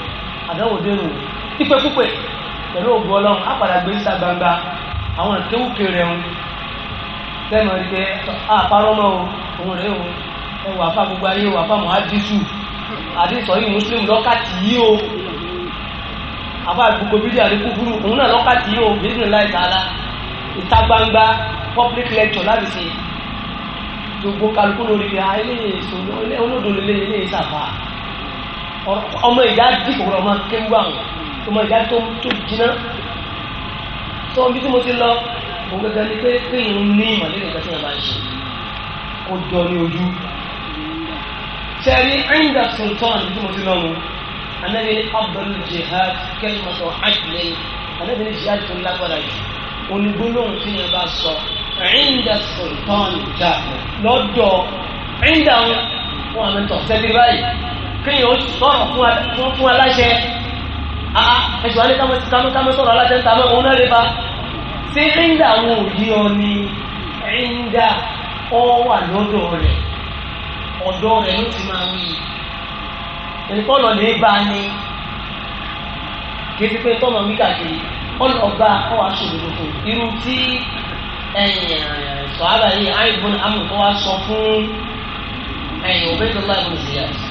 àdáwò dérò pípẹ́pípẹ́ pẹ̀lú ògùn ọlọ́run á padà gbé síta gbangba àwọn ìkéwùké rẹ̀ ń tẹ́nu rí pé àpárọ́ mọ́ òun rẹ̀ òun ẹwà fà gbogbo ayé wà fà mọ́ àdìsù àdìsọ yìí mùsùlùmí lọ́kàtì yìí o àfà gbogbo bídíà ní kúkúrú òun náà lọ́kàtì yìí o bídíà láì tààlà ìta gbangba public lecture láti ṣe gbogbo kálukú lórí ayé èso olódò lélẹ́yìn ilé ìsàfà ọmọ ìyá dì kòkòrò ọmọ kéwú àwọn ọmọ ìyá tó tó jiná tó bí tí mo ti lọ òun gẹ́gẹ́ ni pé kéèyàn ní ìmọ̀lẹ́lẹ̀ nǹkan tí wọ́n máa ń ṣe kó jọ ní ojú sẹ́ni ẹ̀ńdà sultan bí tí mo ti lọ mu anabi abdul jihad kẹ́lìmọ̀tò hajjlẹ̀ anabi ni jihad tó lágbára jù onígbólóhùn tí yẹn bá sọ ẹ̀ńdà sultan jà lọ́dọ̀ ẹ̀ńdà wọn wọn àmì tọ̀ sẹ́ni báyìí kéèyàn ó sọ̀rọ̀ fún fún aláṣẹ àá ah, ẹ̀sùn alẹ́ kámọ́ kámọ́ kámọ́ sọ̀rọ̀ aláṣẹ ń tamọ́ òun náà lè ba ṣé ẹ̀ńdà àwọn òbí ọ ni ẹ̀ńdà ọ wà lọ́dọ̀ rẹ̀ ọ̀dọ̀ rẹ̀ ló ti máa wí ìrìkọ́lọ̀ lè bá ní kí pípé tọ́mọ wí kàkiri ọ̀nà ọba ọwà ṣòro fún irú tí ẹ̀yìn sọ̀hábà yìí àìbọn amòtọ́wà sọ fún ẹ̀yìn òbẹ́tọ́lá ìmọ̀ ìyàtọ̀.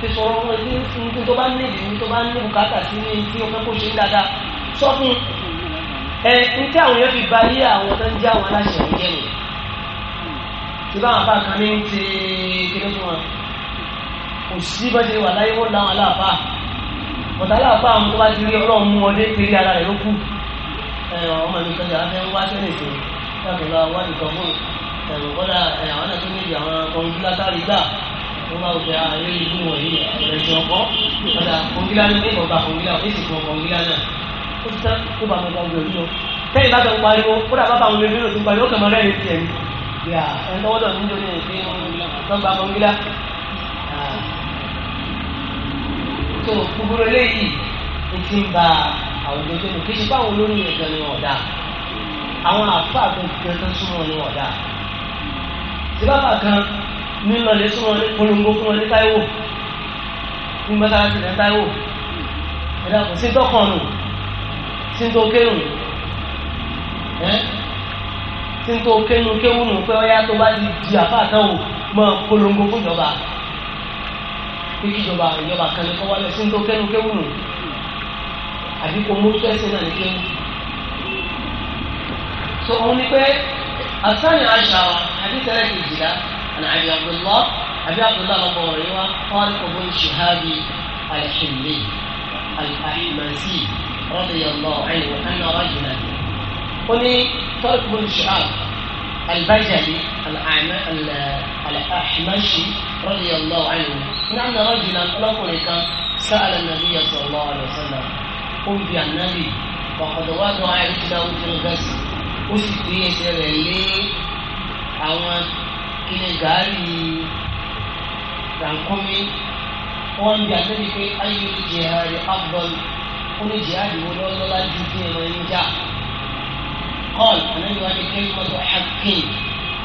fi sọ̀rọ̀ fún ẹbí ní tó bá níbi ní tó bá ní bùkátà sí ní tí o fẹ́ kó ṣe ń dáadáa sọ fún ẹ ní tí àwọn yẹn fi ba yé àwọn tó ń jẹ́ àwọn aláṣẹ ń jẹ́ nìyẹn tí báwọn afá kan ní ti kéde fún wọn kò sí bá ṣe wà láyé wọ́n láwọn aláàfá ọ̀tá aláàfá àwọn tó bá ti rí ọlọ́run mú ọdẹ kiri ara rẹ̀ ló kù ọmọ mi kan jà fẹ́ wá sẹ́lẹ̀ sí i láti lọ wá nìkan fún ẹ̀rọ kọ́dà àwọn náà tó ní wọ́n máa gbé ayé ìlú wọ̀nyí ẹ̀sìn ọkọ́ ọ̀dà kòngílá ní ọ̀gbà kòngílá ọ̀fíìsì kan kòngílá náà ó ti tán kó bàbá ọgbà òbí lọ tẹ́yìn bá bẹ̀rù pariwo kó dà bàbá òbí lọ sí pariwo kàn máa rẹ̀ ní tiẹ̀ ní yà ẹ̀ lọ́wọ́dọ̀ níjọ́ ní ìpín ọgbà kòngílá. tó gbogbo eléyìí ó ti ń ba àwùjọ tó ń kí ṣe báwọn olórí rẹ̀ ní lọlé sún wọn ní polongo fún wọn ní táíwò ní mọ́sálásí ní táíwò ẹ̀dá kò sí tọkànnù sí tó kéwù ẹ́ sí tó kéwù kéwù nù pé ọyá tó bá di di àfa àtàwò mọ́ polongo fún ìjọba pé kí ìjọba ìjọba kan ní kọ́ wálé sí tó kéwù kéwù nù àbí kò mú tẹ́sí náà ní kéwù. sọ òun ni pé àtàwọn àṣà àbí tẹ́lẹ̀ kejìlá. عن أبي عبد الله أبي عبد الله أبو هريرة خالد بن شهاب الحمي الأحمسي رضي الله عنه أن رجلا قل خالد بن شهاب البجلي الأحمشي رضي الله عنه أن رجلا لقلك سأل النبي صلى الله عليه وسلم قل بأن النبي وقد وضع يده في الغسل لي سرلي أوان inú gàárì rànkúnmí wọ́n bí àtẹ́lẹ̀ pé ayé jihadi abdul kúrò jihadi wo lọ́lọ́lá ju kí ẹ máa ń jà kọ́l anábì wá ní kẹ́lí mọ́tò hakim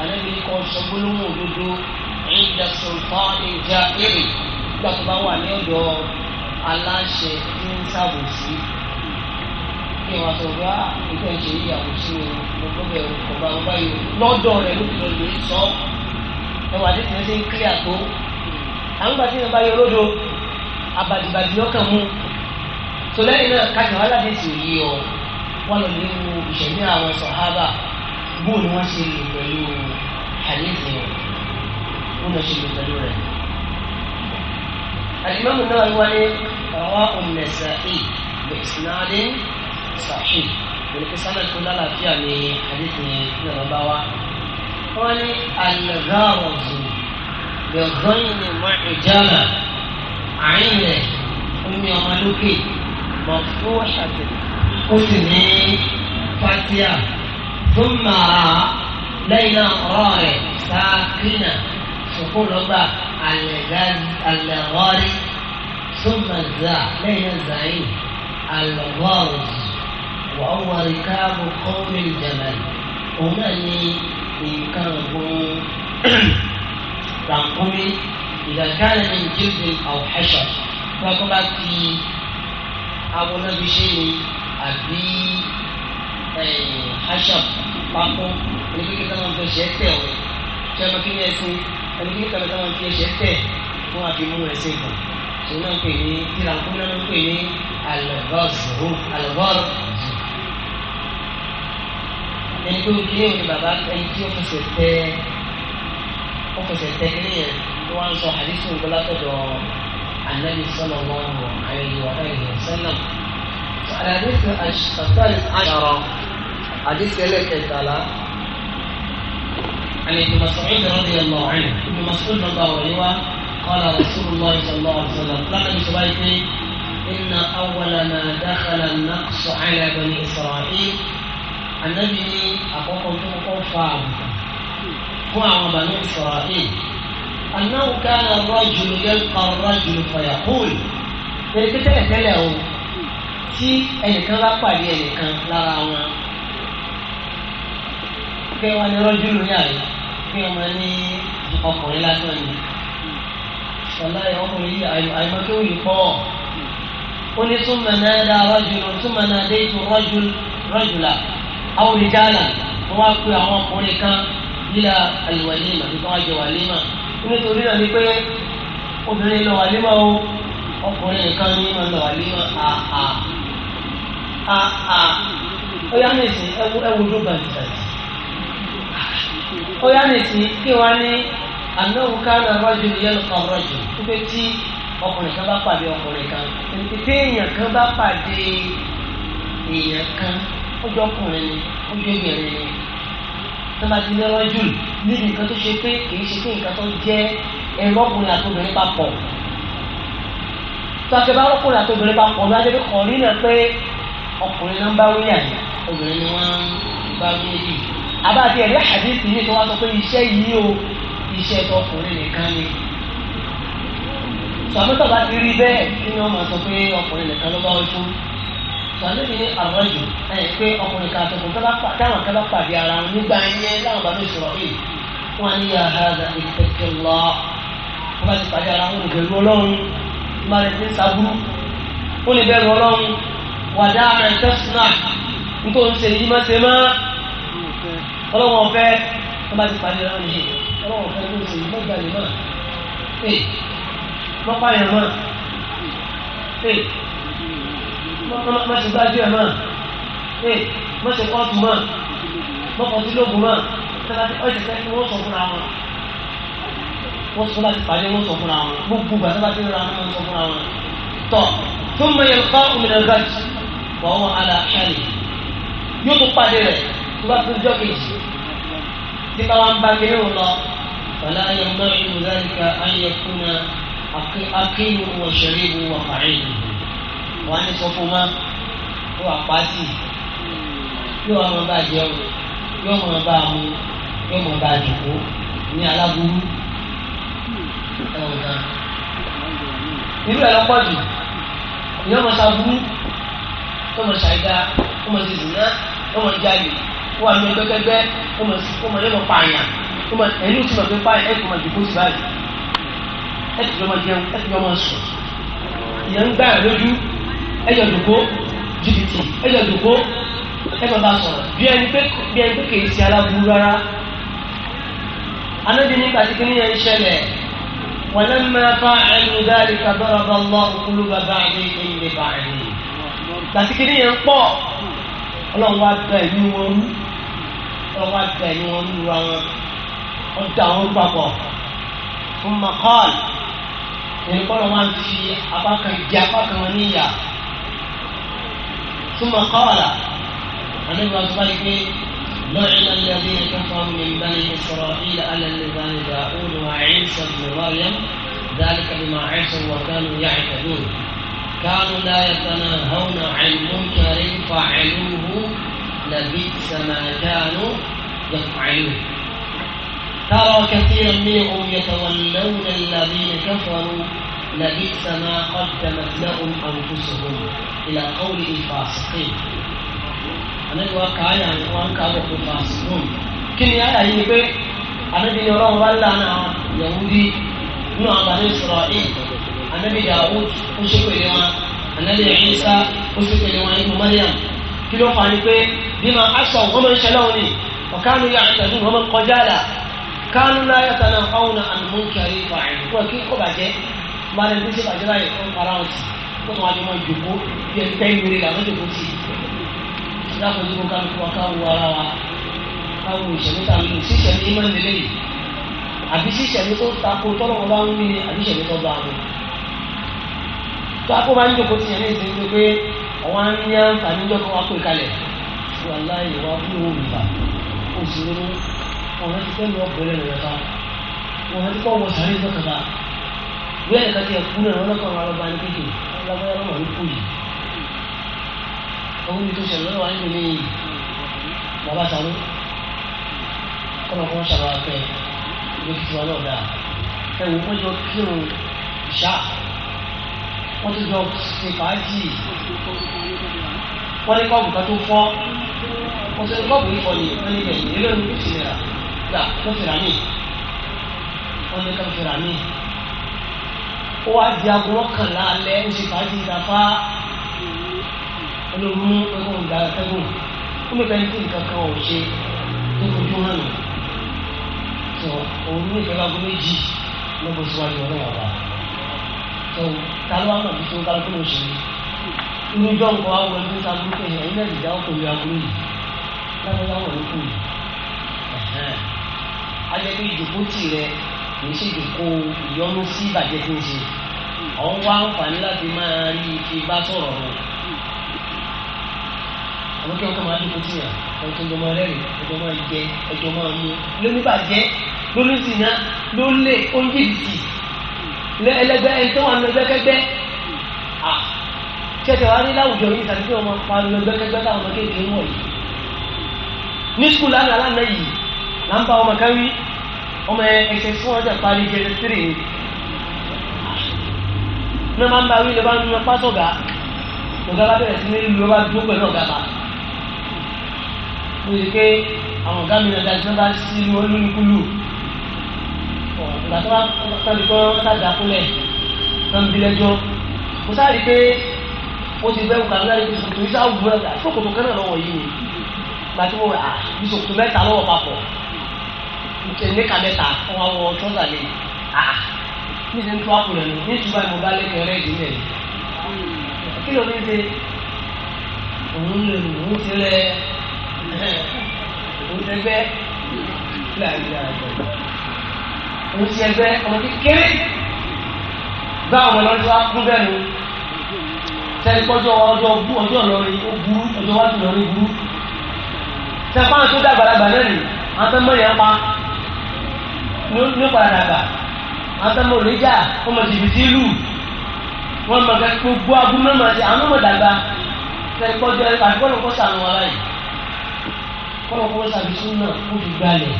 anábì ní kọ́ sọ gbólóhùn òdodo ìdá sultan ìjà èrè nígbà tó bá wà ní ọ̀dọ̀ aláṣẹ tí ń ṣàbòsí kí wọn sọ bá ìtẹ̀sẹ̀ ìyàwó sí o mo ẹ̀rọ kọ̀ọ̀bá wọn báyìí lọ́dọ̀ rẹ̀ ló fi lọ́ọ́ lè sọ ẹwà àti tìǹbù ṣe ń kílẹ̀ àtó àwọn gbàtí yẹn bá yọ lódò abàdìbàdì ọkàn mu tó lẹ́yìn náà kájà wà láti tì yí ọ wọn lọ lè wo ìṣẹ̀lẹ̀ àwọn sọ̀hábà bó ni wọ́n ṣe lè pẹ̀lú hadith yẹn bó ni wọ́n ṣe lè pẹ̀lú rẹ̀. الإمام النووي رواه النسائي بإسناد صحيح ولكن سنة كلها فيها من حديث ابن رباوة wọ́n ní alìgáàrọ̀dù gbẹ̀gbọ́n ní mọ́ ìjára àárín rẹ̀ omi ọmọlókè mọ̀ fún ṣàtẹ̀ ó sì ní fatia tó máa lẹ́yìn náà ọ̀rọ̀ rẹ̀ sáàkínà sọ̀kò lọ́gbà alẹ́gọ́rí tó máa zà lẹ́yìn zayin alọ́gọ́rù wọ́n wọ̀ rí káàbù kọ́ọ̀mì jẹ̀mẹ̀lì òun náà ni nǹkan ọ̀gbọ́n ràǹkómi ìdàkárẹ̀ ní jíjìn àwòhẹ́ṣà tí wọ́n kọ́ bá fi awọ́nàbí ṣe ni àbí àṣà papọ̀ ẹni kékeré tí wọ́n fi ṣe tẹ̀ ọ̀rẹ́ tí wọ́n kí ní ẹsìn ẹni kékeré tí wọ́n fi ṣe tẹ̀ fún àfimú ẹsìn kan tí wọ́n pè ní tí ràǹkómi náà ń pè ní alọ́gọ́sì ẹni tó ní ilé òní bàbá ẹni tí ó fẹsẹ̀ tẹ ó fẹsẹ̀ tẹ ilé yẹn ló wá ń sọ àdìsí ògbọ́n látọ̀dọ̀ ànábì sọ́nà wọn àyẹ̀yẹ̀ wà láyé sẹ́nà. àdìsí àtàlì àṣàrọ̀ àdìsí ẹlẹ́kẹtàlá àni Ibn Mas'ud radiyallahu anhu Ibn Mas'ud nàbà wọ̀nyí wá qala Rasulullah sallallahu alaihi wasallam lákàtà ìṣọ̀bá yìí pé إن أول ما دخل النقص على بني إسرائيل ànábì ní àkọ́kọ́ tó kọ́ fa àbùkù fún àwọn Banu Isra'il anáwó káàná rajul yalqa rajul fayaqul èké tẹ́lẹ̀tẹ́lẹ̀ o tí ẹnìkan bá pàdé ẹnìkan lára wọn pé wọn ní rajulu ní àyè pé wọn ní ọkùnrin lásán ni ọ̀la ọkùnrin yìí àìmọ́ tó yìí pọ̀ ó ní súnmọ̀ náà dá rajul súnmọ̀ náà dé ètò rajul rajula àwọn olùjàlá wọn wá pé àwọn ọkùnrin kan nílà àlùwàlímà nípa wọn jẹ wàlímà nítorí náà ni pé obìnrin lọ wàlímà o ọkùnrin nìkan ní wọn lọ wàlímà àà àà ó yá nìsín ẹwù ẹwù ló bàjẹ́ ó yá nìsín kí wọn ní anáwó kánà rọ́jò yẹlò kan rọ́jò wípé tí ọkùnrin kan bá pàdé ọkùnrin kan tí kan bá pàdé èèyàn kan ọjọ́ ọkùnrin ni ọjọ́ obìnrin ni tó bá ti lọ́rọ́ jù níbi nǹkan tó ṣe pé kì í ṣe pé nǹkan tó jẹ́ ẹ̀rọ ọkùnrin àti obìnrin papọ̀ tó akẹ́bá ọkùnrin àti obìnrin papọ̀ ló adé kàn rí náà pé ọkùnrin náà ń bá wí àyè obìnrin ni wọ́n ń bá wí yìí àbáàdé ẹ̀rí àdéhùn yìí tó wá sọ pé iṣẹ́ yìí o iṣẹ́ tó ọkùnrin nìkan ni sọ̀tọ̀ bá ti rí bẹ́ẹ̀ kí ni wọ́n máa sọ pé ọkùnrin nìkan ló bá wí fún sàlẹ́bí ní àwọn ìlú ẹ̀yìn pé ọkùnrin kan àtọkùn táwọn kan bá pàdé ara wọn nígbà yẹn láwọn bá ló sọ̀rọ̀ èyí wọn ní àhàdà ìfẹ̀kẹ̀ lọ wọn bá ti pàdé ara wọn ìbẹ̀rù ọlọ́run má lè fi sàbúrú wọn lè bẹ̀rù ọlọ́run wàdà àmẹ́tẹ́sùnà nítorí ṣe yí má ṣe má ọlọ́wọ́n fẹ́ wọn bá ti pàdé ara wọn yìí ọlọ́wọ́n fẹ́ ló ṣe yí má gbàlè má ee mọ́páyà má ee má ṣe gbájú ẹ̀ mọ́ ẹ má ṣe kọ́ọ̀tù mọ́ mọ́kàndínlógún mọ́ tẹ́lájú ọ̀ṣẹ̀ tẹ́lẹ̀ wọ́n sọ fúnra wọn wọ́n sọ láti pàdé wọ́n sọ fúnra wọn gbogbo ìgbà tó bá ti sọ fúnra wọn tọ́ tó mọ yẹn kọ́ òmìnira gàjì wọ́n wọ́n ala ṣáàlì yóò tó pàdé rẹ̀ tó bá tó jọ́ kejì nípa wa bá kéré wọn lọ wàlá ayé mọ́ ìlú rẹ̀ nípa ayé kúnà akéwòn wọ̀ ṣẹ̀rí wọ̀ fàáyé nìyẹn wọn á ní sọ fún wọn ó wà pàtì yóò wà máa bá jẹ o yóò máa bá mu yóò máa bá jòkó ní aláburú ẹwọ̀n náà irú ẹ̀ lọ́pọ̀ jù ìyá máa ṣàbúrú ó máa ṣàìdá ó máa ṣe zìnà ó máa jalè ó wà ní ẹgbẹ́gbẹ́ ó máa lẹ́nu pààyàn ó máa ẹni tí wọ́n fi pààyàn ẹ̀ kò máa jòkó sí báyìí ẹ̀ tìjọ́ máa jẹun ẹ̀ tìjọ́ máa sùn ìyẹn ń gbà lójú ẹjọ́ dùkó jìbìtì ẹjọ́ dùkó ẹjọ́ bá sọ̀rọ̀ bí ẹni pé bí ẹni pé kì í ṣe aláburú rárá anábì nígbà tí kìnìyà ń ṣẹlẹ̀ wọn lè máa bá ẹnu dáàrí kàbọ̀rọ̀ bá lọ òkúlù bàbá àdé ẹ̀yìn lè bá ẹ̀yìn gbàtí kìnìyà ń pọ̀ ọlọ́run wá gba ẹ̀mí wọn rú ọlọ́run wá gba wọn rú ra wọn wọ́n da papọ̀ fún makọ́ọ̀lù ẹ̀rọ kọ́ ló apá kan jẹ apá kan níyà. ثم قال النبي أصبحت لعن الذين كفروا من بني إسرائيل على لسان داود وعيسى بن مريم ذلك بما عصوا وكانوا يعتدون كانوا لا يتناهون عن منكر فعلوه لبئس ما كانوا يفعلون ترى كثيرا منهم يتولون الذين كفروا لبئس ما قدمت لهم أنفسهم إلى قول الفاسقين anabi wa ka aya ni wọn ka bọ fún fasikun kí ni aya yìí ni pé anabi ni ọlọ́run bá lànà yahudi nínú abàdé sọ̀rọ̀ ẹ̀ anabi dawud ó ṣe pèlè wọn anabi isa ó ṣe pèlè wọn ibùdó mariam kí ló fà ni pé bímọ aṣọ wọn máa ń ṣẹlẹ̀ wọn ni ọ̀kánu yà ń tẹ̀sùn wọn máa ń kọjá là kánú láyà tán náà ọ̀hún àmì mú kẹrin fàáyé wọn kí kò bàjẹ́ máa ń tó ṣe bàjẹ́ báyìí fún ara wọn sí kó tó wá ní wọn jòkó bí ẹni tẹ́ ìwé rẹ̀ àwọn jòkó sí ìdáàbò tó kọ́ kó ká wo ara wa ká ìṣẹ̀lẹ̀ tá a ìṣẹ̀lẹ̀ ìmọ̀ nílé yìí àbí ìṣẹ̀lẹ̀ tó takò tọ́lọ̀ wọn bá ń wí ni àbí ìṣẹ̀lẹ̀ tó bá wọn. tó akó máa ń jòkó sí ẹni ìṣẹ̀lẹ̀ tó pé ọ̀wọ́n á ní àǹfààní jọ́ kó wá pè kalẹ̀ wàláyé wa fún owó ìgbà òṣèlú ọ̀rẹ́ ti ìwé ẹ̀ka tí ẹ kú náà wọn kàn lọ́ba ní kéde ọlọ́gbọ́n yàrá wọn kú yìí ohun tó ṣẹlẹ̀ lọ́wọ́ nínú ní bàbá sáré kọ́nà kọ́nà ṣàlọ́ afẹ́ ìwé tuntun wa náà dáa ẹ wò wọ́n jọ kírun ìṣá wọ́n tún jọ ṣe fàájì wọ́n ní kọ́ọ̀bù kan tó fọ́ wọ́n tún kọ́ọ̀bù yìí fọ́ ni bẹ̀rẹ̀ ìrẹ́lẹ́ òun kò sí gbà wọ́n fi rà ní kọ́ọ̀bù ó wá di aago mọ́kànlá alẹ́ ó ṣe fàájì ìdáfá olóòmù ẹgbẹ́ òǹdà ẹgbẹ́ ó lè bẹ́ẹ̀ kí nǹkan kan ò ṣe tó fojú hàn nù tó òun ní ìfẹ́ aago méjì lọ́gbọ̀n síwájú ọlọ́wọ́ wa tó ta ló wá mọ̀ bí tó ń kálukú ló ṣe inú ìjọ nǹkan wá wọlé níta burúkú yẹn ilé ìjà ó kòlù aago yìí lábẹ́ wá wọlé kù kì í ṣèjòkó ìyọnu sí ìbàjẹ́ tó ń ṣe ọ̀hún wá ń fà ní láti máa rí ife bá sọ̀rọ̀ o. àwọn kí wọn kàn máa dúró sí yàn wọn tó ń jọmọ rẹ́rìn ẹjọ́ máa jẹ ẹjọ́ máa mú lóníbàjẹ́ lónìsìnà ló lé oúnjẹ ìtì ẹlẹgbẹ́ ẹni tó wà ní ẹgbẹ́kẹ́gbẹ́ kẹsẹ̀ wá ní láwùjọ yìí tàbí kí wọn máa pariwo ẹgbẹ́kẹ́gbẹ́ táwọn ọmọ wọ̀nyí ní sukùl lánàá yìí là ń bá ọmọ kan wí ọmọ ẹsẹ̀ fún ọjà parí jẹrẹ tírì ni ní ọmọ bá wí ló bá ń lọ pásọ̀gà ọ̀gá bá bẹ̀rẹ̀ sí ní lu ọba dúró pẹ̀lú ọ̀gá bá mo yìí pé àwọn ọ̀gá mi náà dájú náà bá sí ní olúkúlù ọ̀gá tó bá tán ní pé wọ́n sá dàkúlẹ̀ náà ń bí lẹ́jọ́ mo sáré pé ó ti bẹ́ẹ̀ kàlọ́ láti fi sòkòtò ìṣàwùrọ̀ àti sòkòtò kan náà lọ́wọ́ yìí ni gbàtí mo rà á fi sòkòtò mẹ́ta lọ́wọ́ papọ̀ níka mẹ́ta ọwọ́ ọwọ́ tọ́sà lè ní ah, ṣe ń tó àpò lẹ́nu ní ṣùgbọ́n mo bá lẹ́kẹ̀ẹ́ rẹ̀ ìdílé rẹ̀ kí ló ń ṣe òun lè lò ó ti rẹ̀ òun ti gbẹ́ òun ti ẹgbẹ́ ọmọ kékeré gbá ọmọ lọ́dún wá kún bẹ́ẹ̀ nu sẹ́ni pọ́jọ́ ọjọ́ ọjọ́ lọ́rin ó burú ọjọ́ wájú lọ́rin burú sẹ́ni pọ́n tó dàgbàlagbà náà nì àwọn tó mọ̀ yẹn pa ní padàgbà àwọn tó mọ òrìjà wọn mọ jìbìtì lù wọn mọ gbogbo agunmọ mọ àti àwọn ọmọdàgbà tẹ̀lé kọjọ ẹ̀ àti kọ́nà kọ́sà àwọn ará yìí kọ́nà kọ́sà fi súnà kó fi gbalẹ̀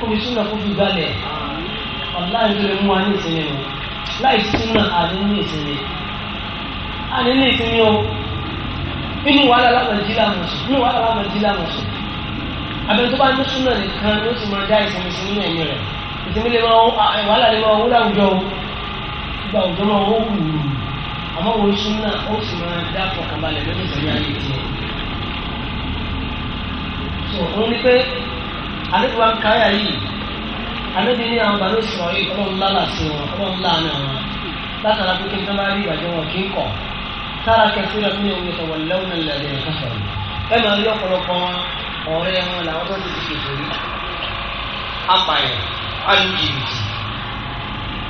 kó fi súnà kó fi gbalẹ̀ ọ̀la ìdílé mú wa ní ìsinmi o láì súnà àní ní ìsinmi àní ní ìsinmi o inú wàhálà lámàjì làmùsùn inú wàhálà lámàjì làmùsùn abẹ́rẹ́ tó bá ní súnà nìkan ló ti máa dá ìsinmi sí nínú ẹ̀mí rẹ̀ ìsinmi lè máa wàhálà lè máa wọ́n láwùjọ o ìgbà òjò máa wọ́n wù ú àmọ́ wọ́n súnà ó sì máa dá fọkànbalẹ̀ lórí ìsinmi ayé tiẹ̀. sọ wọn ni pé alẹ́ wa ń káyà yìí alẹ́ bí ní àwọn bàbá sọ̀rọ̀ yìí ọlọ́run lálà sí wọn ọlọ́run láàánú wọn látara pé kí n sábà rí ìbàjẹ́ wọn kí n kọ̀ tára kẹsíra fún yẹn ọ̀rẹ́ wọn làwọn tó ti ṣe ìbòrí apààyàn alùjìbìtì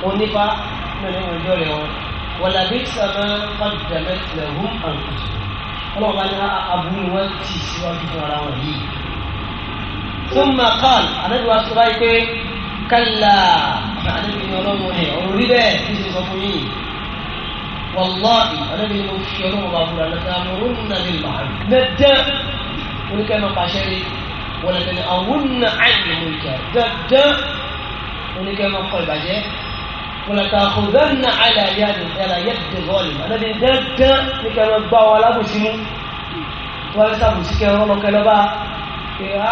onífá mẹ́rin wọn jọ rẹ̀ wọn wọ̀là bí sàmà fàdùdàmẹ́ lẹ́hùn àǹkùtù ọlọ́run bá ní aburú wọn tì síwájú fún ara wọn yìí. ثم قال أنا الواسط رايك كلا أنا بني ولوم هي أولي والله أنا بني مفشر وغفور لتأمرن بالمعروف ندى oníkẹ́ni pàṣẹ ni wọ́n lè tẹ̀lé àwọn nà áyìnbó ìkà dandan oníkẹ́ni ọkọ̀ ìbàjẹ́ wọ́n lè ta kó dandan nà áyìnbó àyàdì ẹ̀rọ ayẹ́dẹ̀ bọ́ọ̀lù àdàdé dandan oníkẹ́ni gbá wọn alábòsí mú wọ́n lè sàbòsí kẹ́ wọn lọ́kẹ́ lọ́ba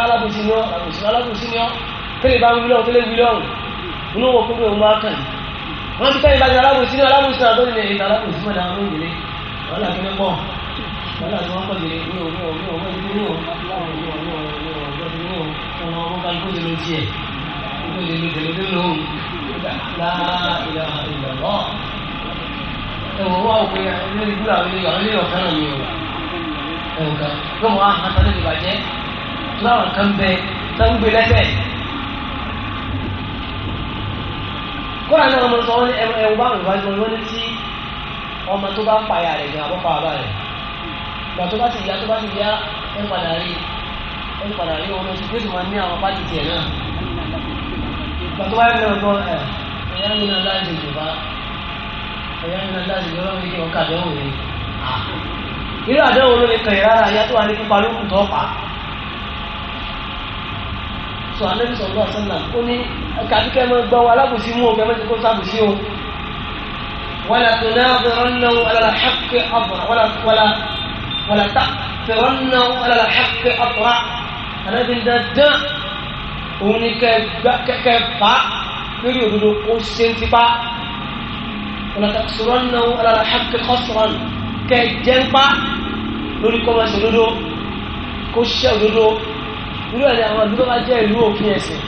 alábòsí ni ọ́ alábòsí ni ọ́ tẹ́lẹ̀ bá wílọ̀ tẹ́lẹ̀ wílọ̀ inú wọn kúrò wọn bá kàn wọ́n ti fẹ́ ìbàjẹ́ alábòsí ni alábòsí náà tó ní wàhálà tí wọ́n pọ̀ dé ní òun ní òun ní òun ní òun ní òun ní òun ní òun ní òun ní òun ní òun ọmọ ọmọ bá gbọ́dọ̀ ló tiẹ̀ gbọ́dọ̀ ló tẹ̀lé ló lò ó láàlá ìlọ́lọ́. ẹ wò wá òpin ilé ìlú àwọn ilé àwọn ilé ọ̀fẹ́ náà ni o ẹ wò kan yóò mọ àwọn àtàlẹ́ ti bàjẹ́ láwọn kan bẹ sáńgbé lẹ́bẹ̀. kọ́ra náà ọmọ sọ wọn ẹ̀wọ̀n bá wọn ìwádìí wọn ní tí ọmọ tó bá ń pa ìyá rẹ̀ gan àbọ̀pá bàbá rẹ̀ ìgbà tó bá ti yá tó bá ti yá ó ń padà rí ó ń padà rí oorun tó sì máa ní àwọn pàtì tiẹ̀ náà ìgbà tó bá yẹ lọ gbọ́ ẹ̀ ẹ̀yà ń yan láti ìjọba ẹ̀yà ń yan láti ìjọba mi kí ọkà àdéhùn rẹ̀ irú àdéhùn ló lè kẹ̀yìn rárá ayá tó wà ní pípa ló tó pa sọ alẹ́ sọ̀rọ̀ àṣẹ́nà ó ní kàdúkẹ́ mọ́ gbọ́ wa alábùsí mú ọgbẹ́ mẹ́tẹ́kọ́ sábùsí o. ولا تناظرنه على الحق أبرا ولا ولا wàlá ta fẹ̀rọ náà wàlá hàkẹ́ àtọ́ra ànábi ń dandan òun ni kẹkẹ fà lórí òdodo kó ṣe ń tipa wàlá ta sọ̀rọ̀ náà wàlá hàkẹ́ kọ́sọ̀rọ̀ kẹ jẹ́ ń pa lórí kọ́ máa ṣe òdodo kó ṣe òdodo irú ẹ̀ ní àwọn àdúgbò bá jẹ́ ìlú òfin ẹ̀sìn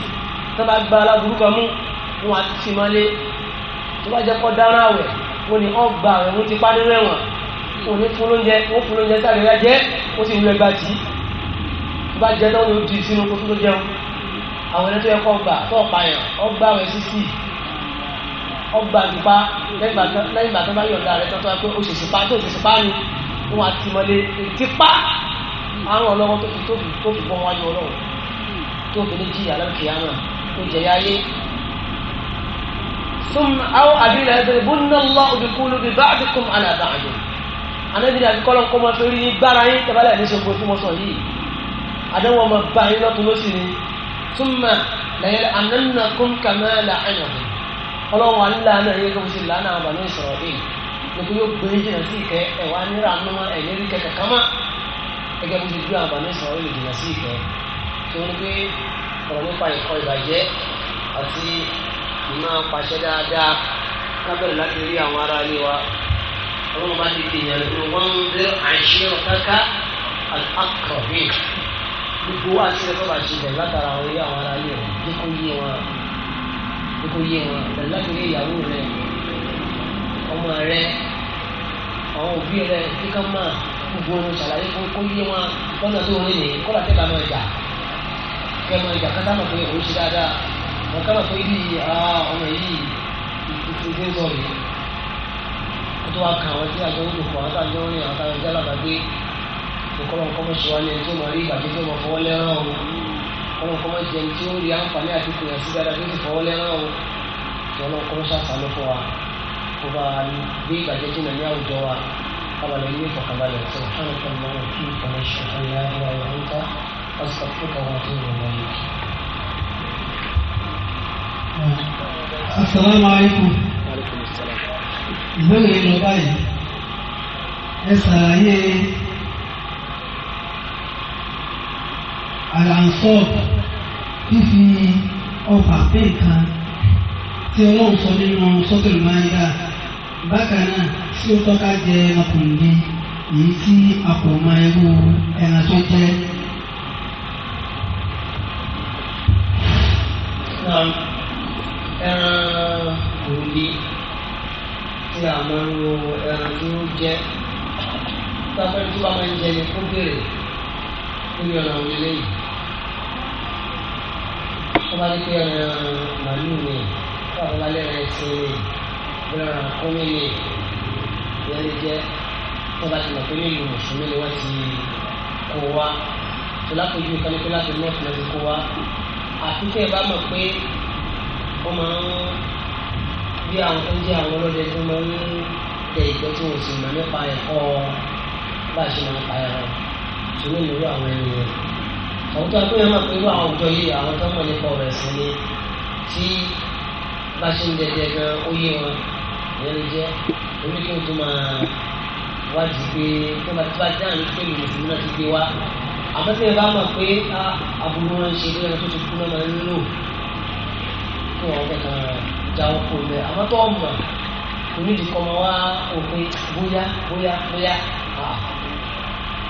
tó ni ọ́ gba àwẹ̀ wọn òní fún lóúnjẹ ó fún lóúnjẹ tàbí rẹ jẹ ó sì wúlẹ̀ gbà bá jẹ náà ni ó di sínú kó tó jẹun àwọn ẹni tó yẹ kọ́ gbà tó ọ̀pá yẹn ọgbà rẹ sísì ọgbà nípa lẹ́yìn ìgbà bá yọ̀ọ̀dà rẹ tó pé ó ṣèṣì tó ṣèṣì ni wọn àti mọ́lé ti pa àwọn ọlọ́wọ́ tó fi tóbi tó fi bọ́ wájú ọlọ́wọ́ tó fi ní jíyà lọ́kì yá tó jẹ yá yé. sum aw abilẹ̀ ẹ̀dẹ̀rẹ̀ bó ná lọ́ òbí kúlù bí bá àdínkùn àlàbà àjò anábìrì àfikọ́lọ́ kọ́ máa torí gbára yín tẹ̀bálẹ̀ ní ṣogbó tí mo sọ yìí àdánwò ọmọ bá yín lọ́tún ló sì ní túmọ̀ lẹ́yìn ànánà kún kàmẹ́là àyànfẹ́ ọlọ́run àńlá náà yẹ kó sì lánàá àwọn bàbá ìsọ̀rọ̀ yìí lóko yóò gbé jìnnà sí ìkẹ́ ẹ̀wà nírà nù ẹ̀yẹ́ rí kẹ̀kẹ́ kama gẹ́gẹ́ bó ti gbé àwọn bàbá ìsọ̀rọ̀ yìí jìnnà sí ìkẹ́ tó ń gbé ọ̀rọ̀ nípa ìkọ́ ìbàjẹ́ àti ìmọ̀ pàṣẹ dáadáa lábẹ́rẹ̀ láti rí àwọn ará ilé wa àwọn ọba ti di yẹn lọ wọn ń lé àìṣe ọ̀káká àkọ̀wé gbogbo wa ti ẹ̀kọ́ bá ṣe bẹ̀rẹ̀ látara àwọn ilé àwọn ará ilé rẹ̀ ní kò yé wọn ní kò yé wọn bẹ̀rẹ̀ láti ilé ìyàwó rẹ̀ ọmọ rẹ̀ àwọn òbí rẹ̀ kíkọ́ máa gbogbo ohun ṣàlàyé fún kó yé wọn lọ́nà tó wọlé nìyí kó làtẹ́ka máa jà kẹ́ máa jà kátà máa pé òun ṣe dáadáa wọn ká pé bí ah, ọmọ yìí ìtútù gbé sọ̀rọ̀ wọ́n tó wá kan àwọn tí àjọ wúlò fún àwọn àjọ rìn àwọn àjọ alábàgbé ìkọlọ́n kọ́mọ́ ṣe wá ní ẹni tó máa rí ìbàjẹ́ tó máa fọwọ́ lẹ́rán o kọ́lọ́n kọ́mọ́ jẹ ẹni tí ó rí àǹfààní àti kùnà sí dáadáa tó ti fọwọ́ lẹ́rán o kọ́lọ́n kọ́mọ́ ṣàfàánú fún wa kó bá gbé ìbàjẹ́ jìnnà ní àwùjọ wa kábàlẹ̀ ní ìfọ̀kànbalẹ̀ السلام عليكم ìbéèrè lọ báyìí ẹ ṣàlàyé àlàǹsọ fífi ọkọ̀ àpé nǹkan tí ọlọ́run sọ nínú sọ́tò ìmáyà bákan náà tí ó tọ́ka jẹ ọkùnrin èyí tí a kò mọ irú ẹran tó jẹ́. ẹran òní tí a máa ń lo ẹran tó jẹ́ tábẹ́ tó bá máa ń jẹ ni kó béèrè lórí ọ̀nà òun eléyìí. tó bá dé pé ẹran màálù ni tábà bá lẹ́rìn ẹ̀sìn ni ẹran kọ́mí ni ìyẹn lè jẹ́ tó bá ti mọ̀ pé nílùú mùsùlùmí ni wọ́n ti kó wa tó lápòjú kan ní pé láti mọ́ọ̀tì náà ti kó wa àfikẹ́ bá mọ̀ pé wọ́n máa ń bí àwọn tó ń jẹ́ àwọn ọlọ́dẹ tó máa ń tẹ ìgbẹ́ tí wọ́n sì mọ̀ nípa ẹ̀kọ́ bá a ṣe máa pa ẹ̀rọ ṣùgbọ́n mi àwọn ẹni àwọn tó akóyè máa pé àwọn òjò yìí àwọn tó mọ̀ nípa ọ̀rọ̀ ẹ̀sìn ni tí bá a ṣe ń dẹdẹ gan ó yé wọn ìyẹn ló jẹ́ oníkẹ́ tó máa wájú pé tó bá ti bá dáhùn ní pé mùsùlùmí náà ti gbé wá àmọ́ bá ah, máa ń da oko lẹ̀ àmọ́ tó mọ̀ onídìí kọ́ ma wá òpin bóyá bóyá bóyá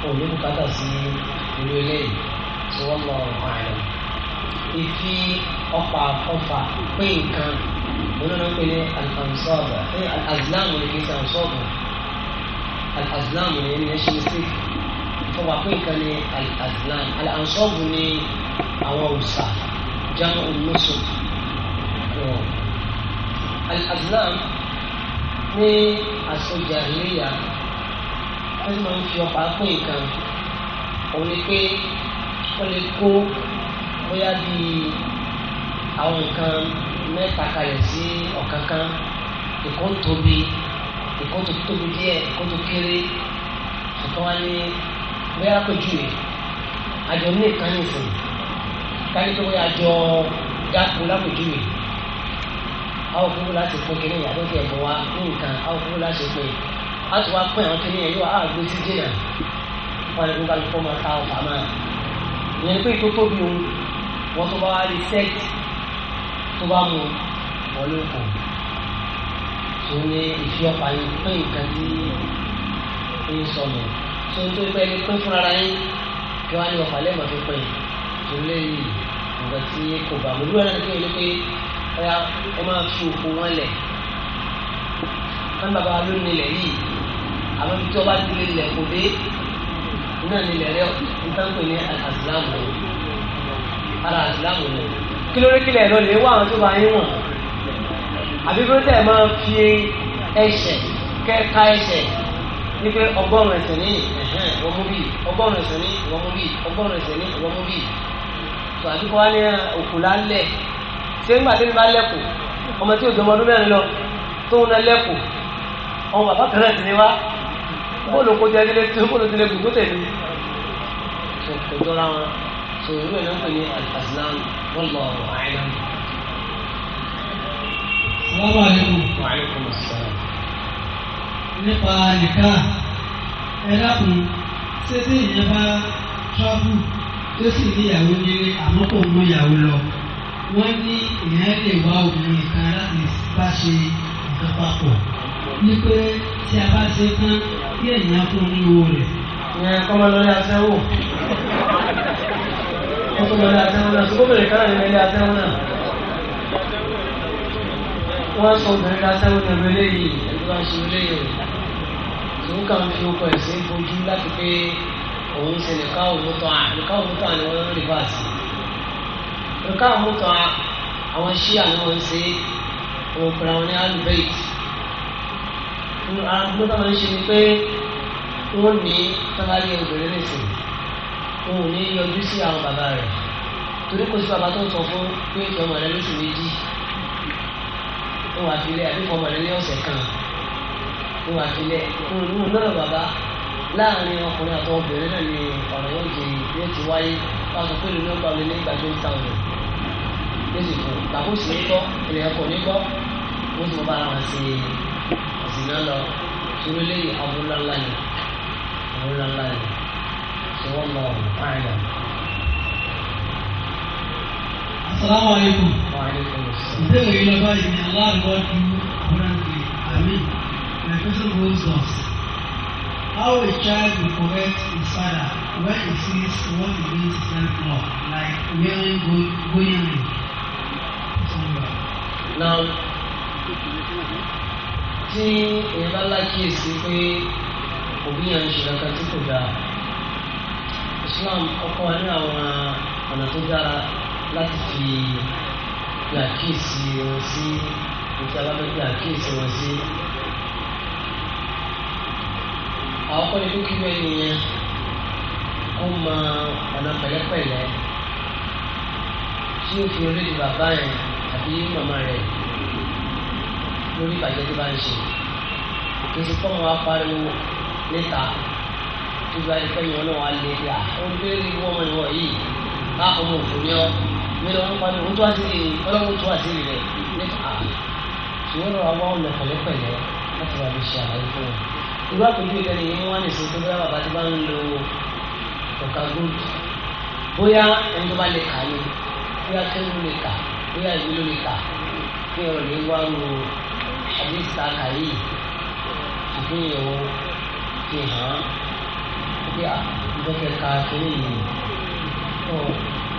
ò ní bùkátà sí ìlú eléyìí tí wọ́n lọ ọ̀hún àyẹ̀ ìfi ọ̀pá ọ̀fà pé nǹkan olóńgbò pé ní alhamsọ́ọ̀bù ní alhazilamu ní kìí sàmsọ́ọ̀bù alhazilamu ní ẹni ẹṣin sí ọ̀pá pé nǹkan ní alhazilamu alhansọ́ọ̀bù ní àwọn òòsà jámọ́ olóṣù al-azlam ní àṣọjà ìléyà wọ́n ti máa ń fi ọ̀pá pé nǹkan òun ni pé wọ́n lè kó bóyá bí àwọn nǹkan mẹ́ta kalẹ̀ sí ọ̀kan kan ìkó tóbi ìkó tó tóbi díẹ̀ ìkó tó kéré ṣùgbọ́n wá ní bóyá pẹ̀jù àjọ ní ìkànnì ìsìn káyọ̀ tó bóyá àjọ dáko lápẹ̀jù àwọn kúrú láti pín kínní ìyàtọ̀ tí ẹ̀bùn wa ní nǹkan àwọn kúrú láti pín a tún wá pín àwọn kínní yẹn yóò á gbé sí wọn lè gbọ́dọ̀ kó máa ta ọ̀fà máa ìyẹn pé tó tóbi o wọn tó bá wá rí sẹ́ẹ̀tì tó bá mu wọn ló kù tó ní ìfi ọ̀pá yìí pín nǹkan tí ń sọnù tó ń tó pẹ́ ní pín fúnra yín kí wọ́n á ní ọ̀fà lẹ́ẹ̀mọ́ tó pín tó léyìí nǹkan tí kò bá mu lóyún náà ọ̀yà ẹ máa fi òkú wọn lẹ̀ wọn bàbá wa lónìí lẹ̀ yìí àwọn ibi tí wọn bá délé lẹ̀ kò dé náà ni lẹ̀ rẹ nǹkan pè ní àsìlámù ara àsìlámù rẹ kí ló rí kílẹ̀ lọ lè wá àwọn tó bá yín wọ̀n àbí bí wọ́n tẹ̀ máa fi ẹsẹ̀ kẹ́ka ẹsẹ̀ ní pé ọgọ́rùn-ún ẹsẹ̀ ní ìwọ́n mú bí ọgọ́rùn-ún ní ìwọ́n mú bí ọgọ́rùn-ún ní ìwọ́n mú bí tó àdúgbò wa ní òkú lálẹ́ ṣé nígbà tí mi bá lẹ́kùn ọmọ tí òjò ọmọdún mẹ́rin lọ tó ń lẹ́kùn ọmọ bàbá kan náà ti ní wá bóòlù kó jẹ́ ilé tó bóòlù tilẹ̀ gbogbo tẹ̀lé kò jọra wọn sọ ìlú ẹ̀ náà pè ní al-azlam wallahu a'lam. Assalamu alaikum. Wa alaikum assalam. nípa nìkan ẹ dákun ṣé tí ìyẹn bá tọ́bù tó sì níyàwó nílé àmọ́ kò mú ìyàwó lọ wọ́n ní ìyẹn lè wá obìnrin kan láti bá ṣe nǹkan papọ̀ ní pé tí a bá ṣe tán kí èèyàn fún un ní owó rẹ̀. ìyẹn kọ́ máa lọlé aṣẹ́wó wọ́n tún lọlé aṣẹ́wó náà ṣùgbọ́n bèrè kan ní lọlé aṣẹ́wó náà wọ́n sọ obìnrin aṣẹ́wó ní ọ̀rẹ́ lẹ́yìn ẹ̀dùn bá ṣe lẹ́yìn òun kàn fi ọkọ̀ ẹ̀sìn fojú láti pé òun ṣe nìkan òun tó àná nìkan òun tó àná wọn rí bá a sí nǹkan àwọn mọ́tò àwọn ṣí àwọn ṣe òun pẹ̀lú àwọn ní alubait àwọn tó máa ń ṣe ni pé wọ́n ní tábàlì obìnrin nìsín òun ní yọjú sí àwọn bàbá rẹ̀ torí kò sí bàbá tó ń sọ fún pé ìfẹ́ ọmọ rẹ lóṣù méjì òun àfilẹ̀ àbíkọ ọmọ rẹ ní ọ̀sẹ̀ kan òun àfilẹ̀ òun lọ́rọ̀ bàbá láàrin ọkùnrin àti obìnrin náà ni ọ̀rọ̀ yóò jẹ yóò ti wáyé wọ́n sọ pé ìlú ló ń ní ìgbà tó ń ló sì fún bàbá òsì ń gbọ́ ènìyàn kò ní gbọ́ ó sì mọ bára wọn ṣe ọ̀sìn náà lọ sórí lẹ́yìn abúlọ́lá yìí abúlọ́lá yìí ṣé wọ́n lọ àyà. asalaamu aleykum. wa aleykum salaam. ìbéèrè yìí lọ báyìí ni aláàbọ̀ ju apparently amen my question goes thus how a child will correct his father when he sees what he doing to his life like wearing go go yarn náà tí èèyàn bá lákìyèsí pé òbí yẹn ń ṣe kankan tí kò dáa Islam ọkọ ní àwọn ọ̀nà tó dára láti fi làkìyèsí wọn sí ìjàlábẹ́ làkìyèsí wọn sí. àwọn kọ́ni tó kí wọ́n nìyẹn kó mọ ọ̀nà pẹ̀lẹ́pẹ̀lẹ́ tí ó fi orí di bàbá yẹn àbí màmá rẹ̀ lórí ìbàjẹ́ tó bá ń ṣe kì í ṣe kọ́mọ wa pariwo níta tó bá yẹ kẹ́yìn wọn náà wà lé bí i àwọn béèrè ìwọ ọmọ ìwọ yìí bá ọmọ òfin yọ mi lọ́wọ́ pariwo ohun tó wá sí i ọlọ́wọ́ tó wá sí i rẹ̀ níta ṣùgbọ́n náà wọ́n lọ pẹ̀lẹ́pẹ̀lẹ́ láti wà lè ṣe àlàyé fún wọn. irú àpèjú ìtẹ́ni yìí wọ́n lè ṣe tó bá bàbá tó bá ń lo ọ̀ka góòlù bóyá ẹni tó bá lè kà ní bóyá kẹ́rù lè kà á bóyá ìwé ló lè kà kí ọ lè wá ro àdéṣà kàyé àfihàn fi hàn pé à ìjọ kẹka yìí ọ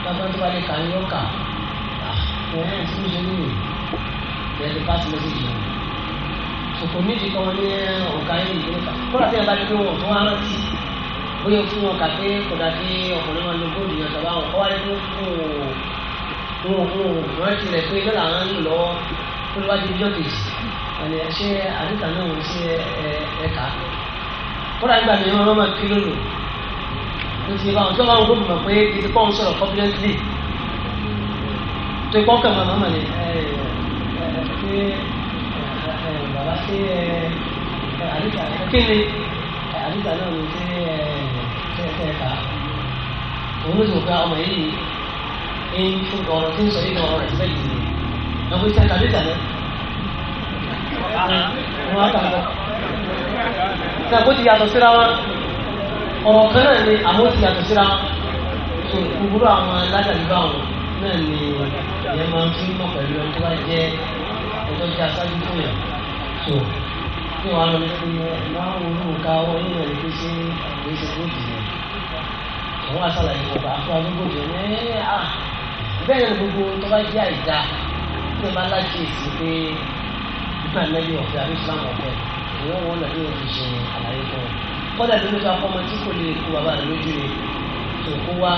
bàbá tó bá lè kà yọ kà wọn náà tún ṣe nínú ìrẹsì pàṣẹ mẹsàgì yìí sòkò méjì kan ní ọ̀gá yìí ìdílé kan kódà tí wọn bá dé wọn tó wọn rántí bóyá fún wọn kà pé kódà kí ọkùnrin wọn lo góòlù yẹn tàbá wọn kọ́ wá fún wọn wọn ò rántí rẹ̀ pé lọ́la àwọn ń lọ tó lọ́wọ́ di ọjọ́ kejì àní ṣé àdúgbò náà wò sí ẹ̀ka kódà nígbà mi wọn máa kí lónìí tó ti bá wọn tó bá wọn gbọ́dọ̀ mọ̀ pé ibi kọ́ ń sọ̀rọ̀ confidently tó kọ́ kàn máa máa ní ẹ ẹ pé bàbá sí ẹ àdúgbò kí ni àdúgbò náà wò sí ẹ̀ka òun ló ti wò pé ọmọ yìí ń fún ọ tí ń sọ nínú ọ̀rọ̀ ẹ̀fẹ́ yìí ni ẹ̀fọ́ iṣẹ́ tàbí tàbí wọn á kàkọ́. ṣé àgbo ti yàtọ̀ síra wọn ọ̀rọ̀ kan náà ni àgbo ti yàtọ̀ síra wọn tó gbogbo àwọn aládàlúgbà wọn náà ni ìyẹn máa ń fi mọ̀ pẹ̀lú ẹni tó bá jẹ́ ẹjọ́ jẹ́ aṣáájú fún yàn tó kí wọn lọ sí máa ń wúlò ká wọn yín rẹ̀ pé ṣé àgbéṣe gbòdì yẹn àwọn àṣàlàyé wọn bá fún agbègbè yẹn ní à bẹ́ẹ̀ ni gbogbo tó bá jẹ́ àìdá tó bá láti èsì pé nígbà mẹ́lí ọ̀fẹ́ àbí ọ̀fẹ́ ìwọ́n wọn náà yóò fi ṣe àlàyé fún un kọ́dà ló ń sọ akọ́mọ tí kò lè kó bàbá rẹ̀ lójú ni tó kó wá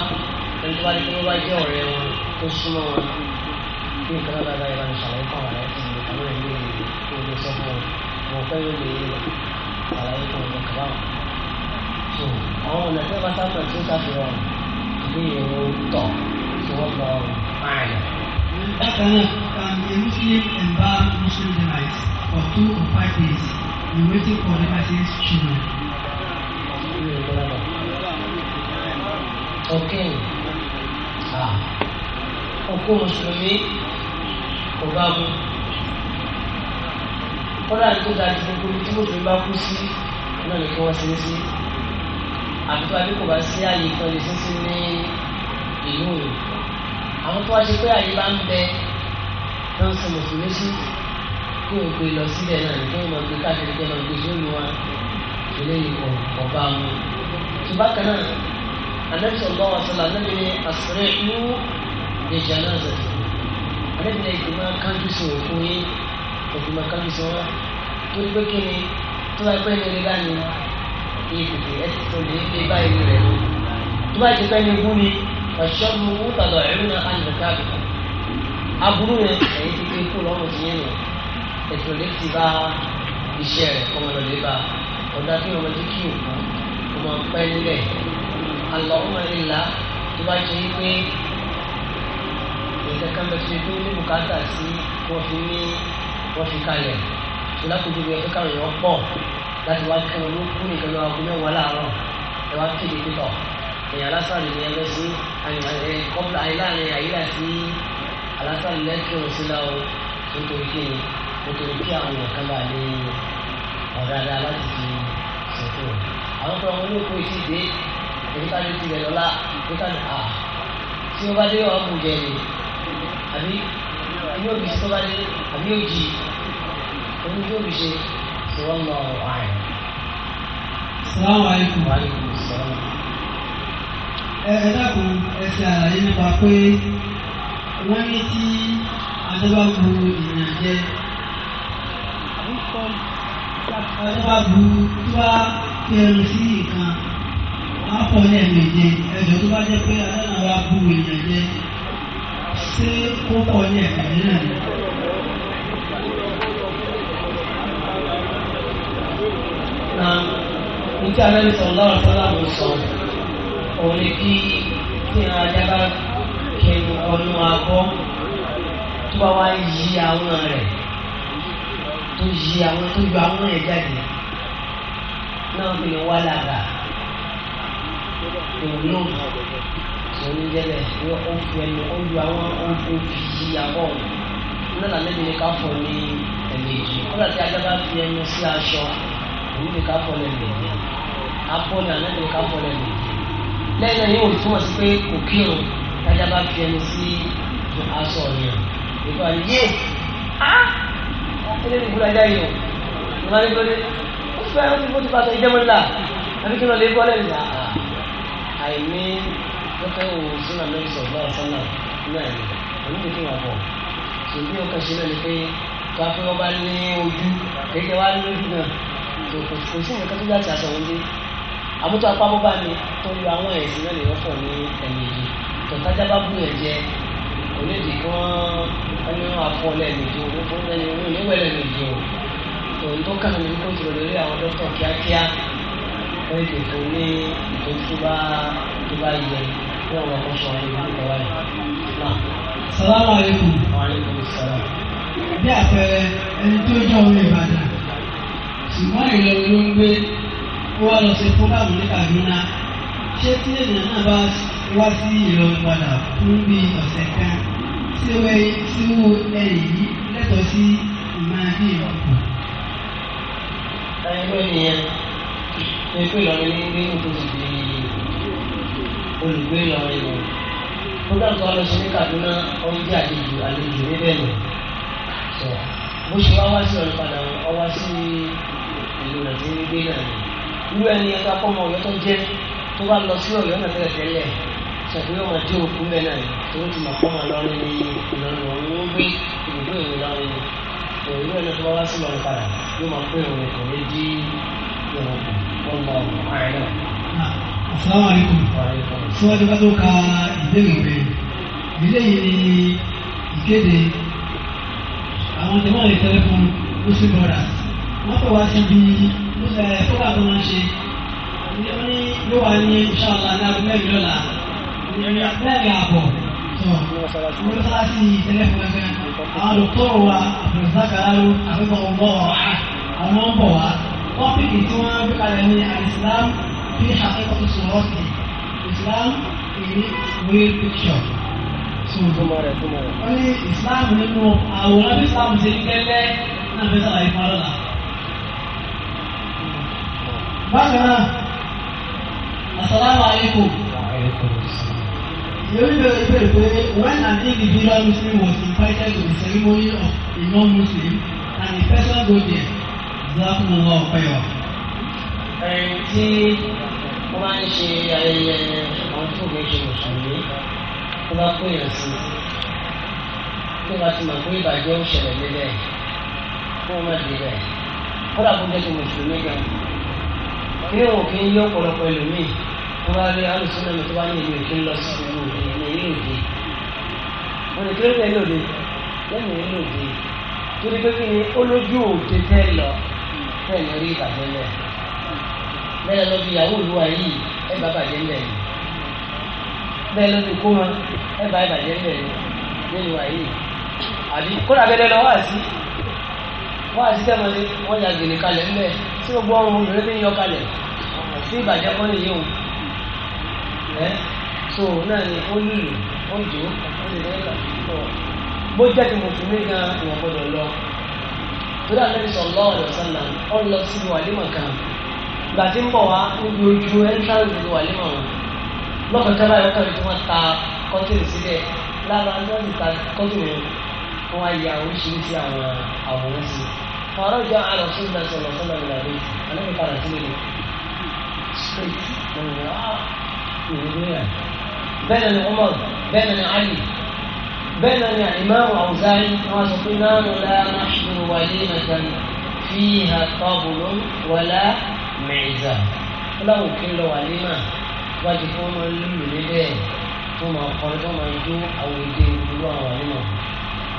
ẹni tó bá dé wá jẹ́ ọ̀rẹ́ wọn tó súnmọ́ wọn bí nǹkan náà bá yẹra ṣàlàyé fún àwọn àti àwọn ẹ̀mí ìlú tó lè sọ fún wọn wọn fẹ́ yóò lè àlàyé fún wọn kàbá wọn. tó àwọn ọ̀nà tí wọ́n bá sábà tí ó sáfihàn ìdí ìrìn tọ̀. والله أعلم. Bákan náà, can a Muslim embalm Muslim delight for two or five days in waiting for the person's children? Okay. Ah. Òkú Mùsùlùmí kò bá mu. Kọ́lá ní tó dájú gbogbo tí Mùsùlùmí bá kú sí náà ní kí wọ́n ṣe é sí àbíkú àbíkú bá sí àyè kan lè sísí ní ìlú òyìnbó àwọn tó wá ṣe pé àyè bá ń bẹ tó ń sọ mùsùlùmí sí kí òun gbé lọ síbẹ̀ náà ní kí òun máa gbé káàkiri kí òun máa gbé sóòlù wa eléyìí kọ̀ ọ̀bá wọn. ṣùgbọ́n kan náà anabi sọ̀rọ̀ torí pé kí ni tó bá pẹ́ ní ẹgbẹ́ ni ìgbìmọ̀ ẹ̀ ti sọ̀rọ̀ ní ẹgbẹ́ báyìí rẹ̀ tó bá ti pẹ́ ní ibú ni ọ̀ṣọ́rùú tàdọ̀ ẹ̀rínà àyìnká àbíkà aburú yẹn ẹ̀yìn ti kéku lọ́rùn ti yẹn yẹn ètò lè ti bá iṣẹ́ rẹ̀ kọ́ ọmọ lè bá ọ̀dà kí ọmọ ti kí òkú ọmọ pẹ́ nílẹ̀ àlọ́ ọmọ rẹ̀ là tó bá ṣe pé nǹkan kan bẹ ṣe tó ní bùkátà sí wọ́n fi ní wọ́n fi kalẹ̀ tó lákòókò bí ẹ̀fẹ́ káwọn èèyàn pọ̀ láti wá kí wọn ló kú nìkan lọ́wọ́ agbó mẹ́wàá láàárọ̀ ẹ̀ wá kéde èèyàn alásàlù ni ẹgbẹ́ sí kọ́pùlà ìlànà àyílà sí alásàlù lẹ́kẹ̀ọ́ sílá o nítorí kí ni nítorí kí àwọn ọ̀kan bá lè ọ̀dàdà láti fi ṣètò àwọn tó wọn olóko yìí ti dé èyí ká ló ti rẹ̀ lọ́la èyí ká ló à tí wọ́n bá dé wọn kù jẹ ni àbí ilé òbí tí wọ́n bá dé àbí òjì oní tó òbí ṣe ṣe wọ́n lọ ààyè. Assalamu alaikum. Wa alaikum ẹ dákun ẹ àlàyé nípa pé wọ́n ní tí adébá bu jẹ adébá bu tí fi ẹnu sí nǹkan ní ẹ̀mẹ̀jẹ ẹ̀jọ̀ tó bá jẹ́ pé jẹ ṣé ó pọ̀ ní ẹ̀mẹ̀jẹ na òun ni kí tí àwọn ajá bá kẹnu ọnú abọ́ tó bá wá yí àwọn rẹ̀ tó yí àwọn tó yọ àwọn rẹ̀ jáde náà fi lè wá lára òun náà òun jẹ́lẹ̀ wọ́n ó fi ẹnu ó yọ àwọn ó fi yí abọ́ náà làlẹ́ mi ní ká fọ ní ẹ̀mẹ́jì kọ́lá tí ajá bá fi ẹnu sí aṣọ òun ní ká fọ lẹ́nu ẹ̀mẹ́jì ní alẹ́ ní ká fọ lẹ́nu ẹ̀mẹ́jì bẹ́ẹ̀ náà yóò túmọ̀ sí pé kò kírun dáadáa bá fi ẹnu sí aṣọ ọ̀yàn ìgbà yé á ilé ní ìgbúra jáde o ìgbà ní gbọ́dé ó fẹ́ ó ti bó ti bá aṣọ ìjẹ́mọ́lá ah, àbí kí n lọ lè gbọ́ lẹ́yìn náà àìní lọ́kẹ́ wo sínú àmì sọ̀rọ̀ ọ̀sán náà náà ni òun ti fún wa bọ̀ ṣùgbọ́n ọkàn ṣe náà ni pé ká fún wọn bá ní ojú kéèké wá ní ojú náà kò sí nǹkan tó yàtì àmútọ́ apábọ́bá ni torí àwọn ẹ̀sìn náà lè rọ́pọ̀ ní ẹ̀yìn yìí tọ́tajà bá bú yẹn jẹ onídìí kan ẹni wọn afọ lẹ́nu ju owó lẹ́nu owó níwẹ̀ lẹ́nu ju o òun tó kàn ní kó tó lórí àwọn dókítà kíákíá wọ́n ti tó ní ìtọ́jú tó bá tó bá yẹ ní ọ̀rọ̀ kan sọ àwọn ìlú ìgbà wáyé. Salamu aleykum. Wa aleykum salaam. Bí àpẹẹrẹ ẹni tó jẹ́ ọmọ Ìbàdàn, ṣùgbọ́n Ìlọrin ló ń gbé ó wá lọ sí fúgàmù ní Kaduna ṣé tí ènìyàn náà bá wá sí Ìlọrin padà fún bí ọ̀sẹ̀ kan tí ó wẹ́ tí ó ẹ̀yìn yìí lẹ́tọ̀ọ́ sí ìmáa ní ìrọ̀kù. ẹgbẹ́ nìyẹn ẹgbẹ́ Ìlọrin ní ní òkúta olùgbé Ìlọrin ni fúgàmù tó wá lọ sí ní Kaduna ó ń jẹ́ àlejò àlejò níbẹ̀ nù bó ṣe wá wá sí ọ̀rọ̀ padà wá sí ìlú nàìjíríà gbé náà ni irú ẹni ẹ̀ka fọmọ ọ̀yọ́ tó jẹ́ tó bá lọ sí ọ̀yọ́ náà tẹ́lẹ̀ tẹ́lẹ̀ ṣàfihàn ọmọ dé òkú bẹ́ẹ̀ náà tó ti mọ̀ fọmọ lọ́rin ní ìlànà òun ó gbé ìlú ìwé lọ́rin ní irú ẹni tó bá wá sí lọ́rin padà yóò máa pé òun kò ní dí ìrọ̀kù wọn lọ àárín náà. Assalamu alaikum. Síwájú ká tó ka ìbéèrè rẹ̀, ìdílé yìí ni ìkéde àwọn tẹ̀wọ́n lè tẹ́lẹ̀ fún Muslim brothers. Wọ́n fẹ́ wá síbi kókà tó máa ń ṣe wọ́n ní yóò wá ní ìṣàlá ní aago mẹ́rin lọ́la mẹ́rin àbọ̀ wọ́n sá sí ìtẹ́lẹ̀ fúnfẹ́ àwọn dòkítọ́rù wa àfẹ̀sákàláró àfẹ́kọ̀ ọgbọ́ ọ̀há àwọn ń bọ̀ wá tọ́pìkì tí wọ́n gbé kalẹ̀ ní Islam fi àkẹ́kọ̀ọ́ tó sọ̀rọ̀ sí Islam in real picture wọ́n ní Islam nínú àwòrán bí Islam ṣe ń tẹ́lẹ̀ náà fẹ́ sọ̀rọ̀ ìfọ̀rọ̀lá bákan náà asalaamualeykum. The only way to pray when an individual Muslim was invited to the ceremony of a non-Muslim and a person go there, Zakumullah Ọ̀pẹ̀yọ̀. Ẹni tí wọ́n máa ń ṣe ayẹyẹ àwọn tó kìí ṣe Mùsùlùmí, wọ́n bá kó èèyàn sí. Tó bá ti mọ̀ pé ìbàjẹ́ ń ṣẹlẹ̀ lélẹ̀, kó wọ́n má dé kó jẹ́ ti Mùsùlùmí gan-an kíni wọn kì í yọ ọ̀pọ̀lọpọ̀ ẹlòmíì wọn bá rí alùsùn náà tó bá ní ìlú òkè lọ sí ìlú òkè ní ìlú òkè wọn ni kílódé ìlú òkè lẹ́nu ìlú òkè torí pé kí ni olójú òkè tẹ́ lọ tẹ́ lọ rí ìbàjẹ́ lẹ̀ bẹ́ẹ̀ lọ bí ìyàwó olúwa yìí ẹ bá bàjẹ́ lẹ̀ ni bẹ́ẹ̀ lọ kó wọn ẹ bá ìbàjẹ́ lẹ̀ ni nínú àyè àbí kó wọ́n àti sẹ́mọ̀ ni wọ́n ya gèlè kalẹ̀ ńlẹ̀ tí ó gbọ́ ohun obìnrin fi ń yọ kalẹ̀ sí ìbàjẹ́ kọ́ nìyí o ẹ́ so náà ni ó lùlù ó jò ó lè lọ́ọ́ lọ bó jẹ́ ti mùsùlùmí gan ìwọ̀n gbọ́dọ̀ lọ tó dáa lẹ́yìn ọ̀dọ̀ sọ́nà ó lọ sí wàlímọ̀ kan tí ń bọ̀ wá ojú wọn wá ya oríṣiríṣi àwọn àwòrán sí i wọn aráàlú jẹ àlọ fún ìgbà sọlọ sọlọ ìlà rẹ àlọmọ padà sílẹ̀ ni straight ọ̀rọ̀ ah ìròyìn rẹ bẹ́ẹ̀ ni Umar bẹ́ẹ̀ ni ni ìmáàmù Awza'i wọn sọ pé náà ló la nahnu walimatan fiha tabulun wala mẹ́ẹ̀dà ọlọ́run kí ń lọ walima wájú fún ọmọ lílù níbẹ̀ tó máa kọ́ tó máa jó àwọn èdè ìlú àwọn walima.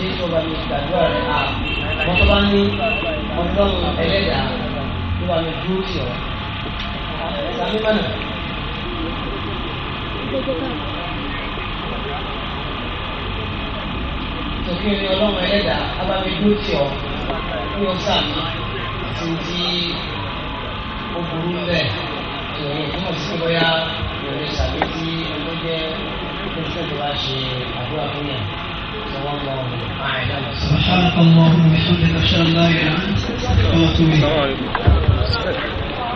yéésù ọba mi gbàdúrà rẹ̀ á wọ́n tó bá ní ọlọ́run ẹlẹ́dàá tó bá mi dúró sí ọ. ẹ̀ka mi mọ̀nà. tòkí ni ọlọ́run ẹlẹ́dàá á bá mi dúró sí ọ kí o sàmì tí tí ó bẹ́ẹ̀ ìròyìn ìtumọ̀ sí bóyá ìròyìn sàmì tí ọlọ́jẹ́ tó ń wá ṣe àdúrà fún yàrá. والله اعلم سبحانك اللهم وبحمدك اشهد ان لا اله الا انت واتوب اليك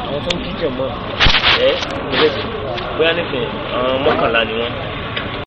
àwọn tó ń kíjọ mọ ẹ bóyá nífẹ̀ẹ́ àwọn mọ́kànlá ni wọ́n.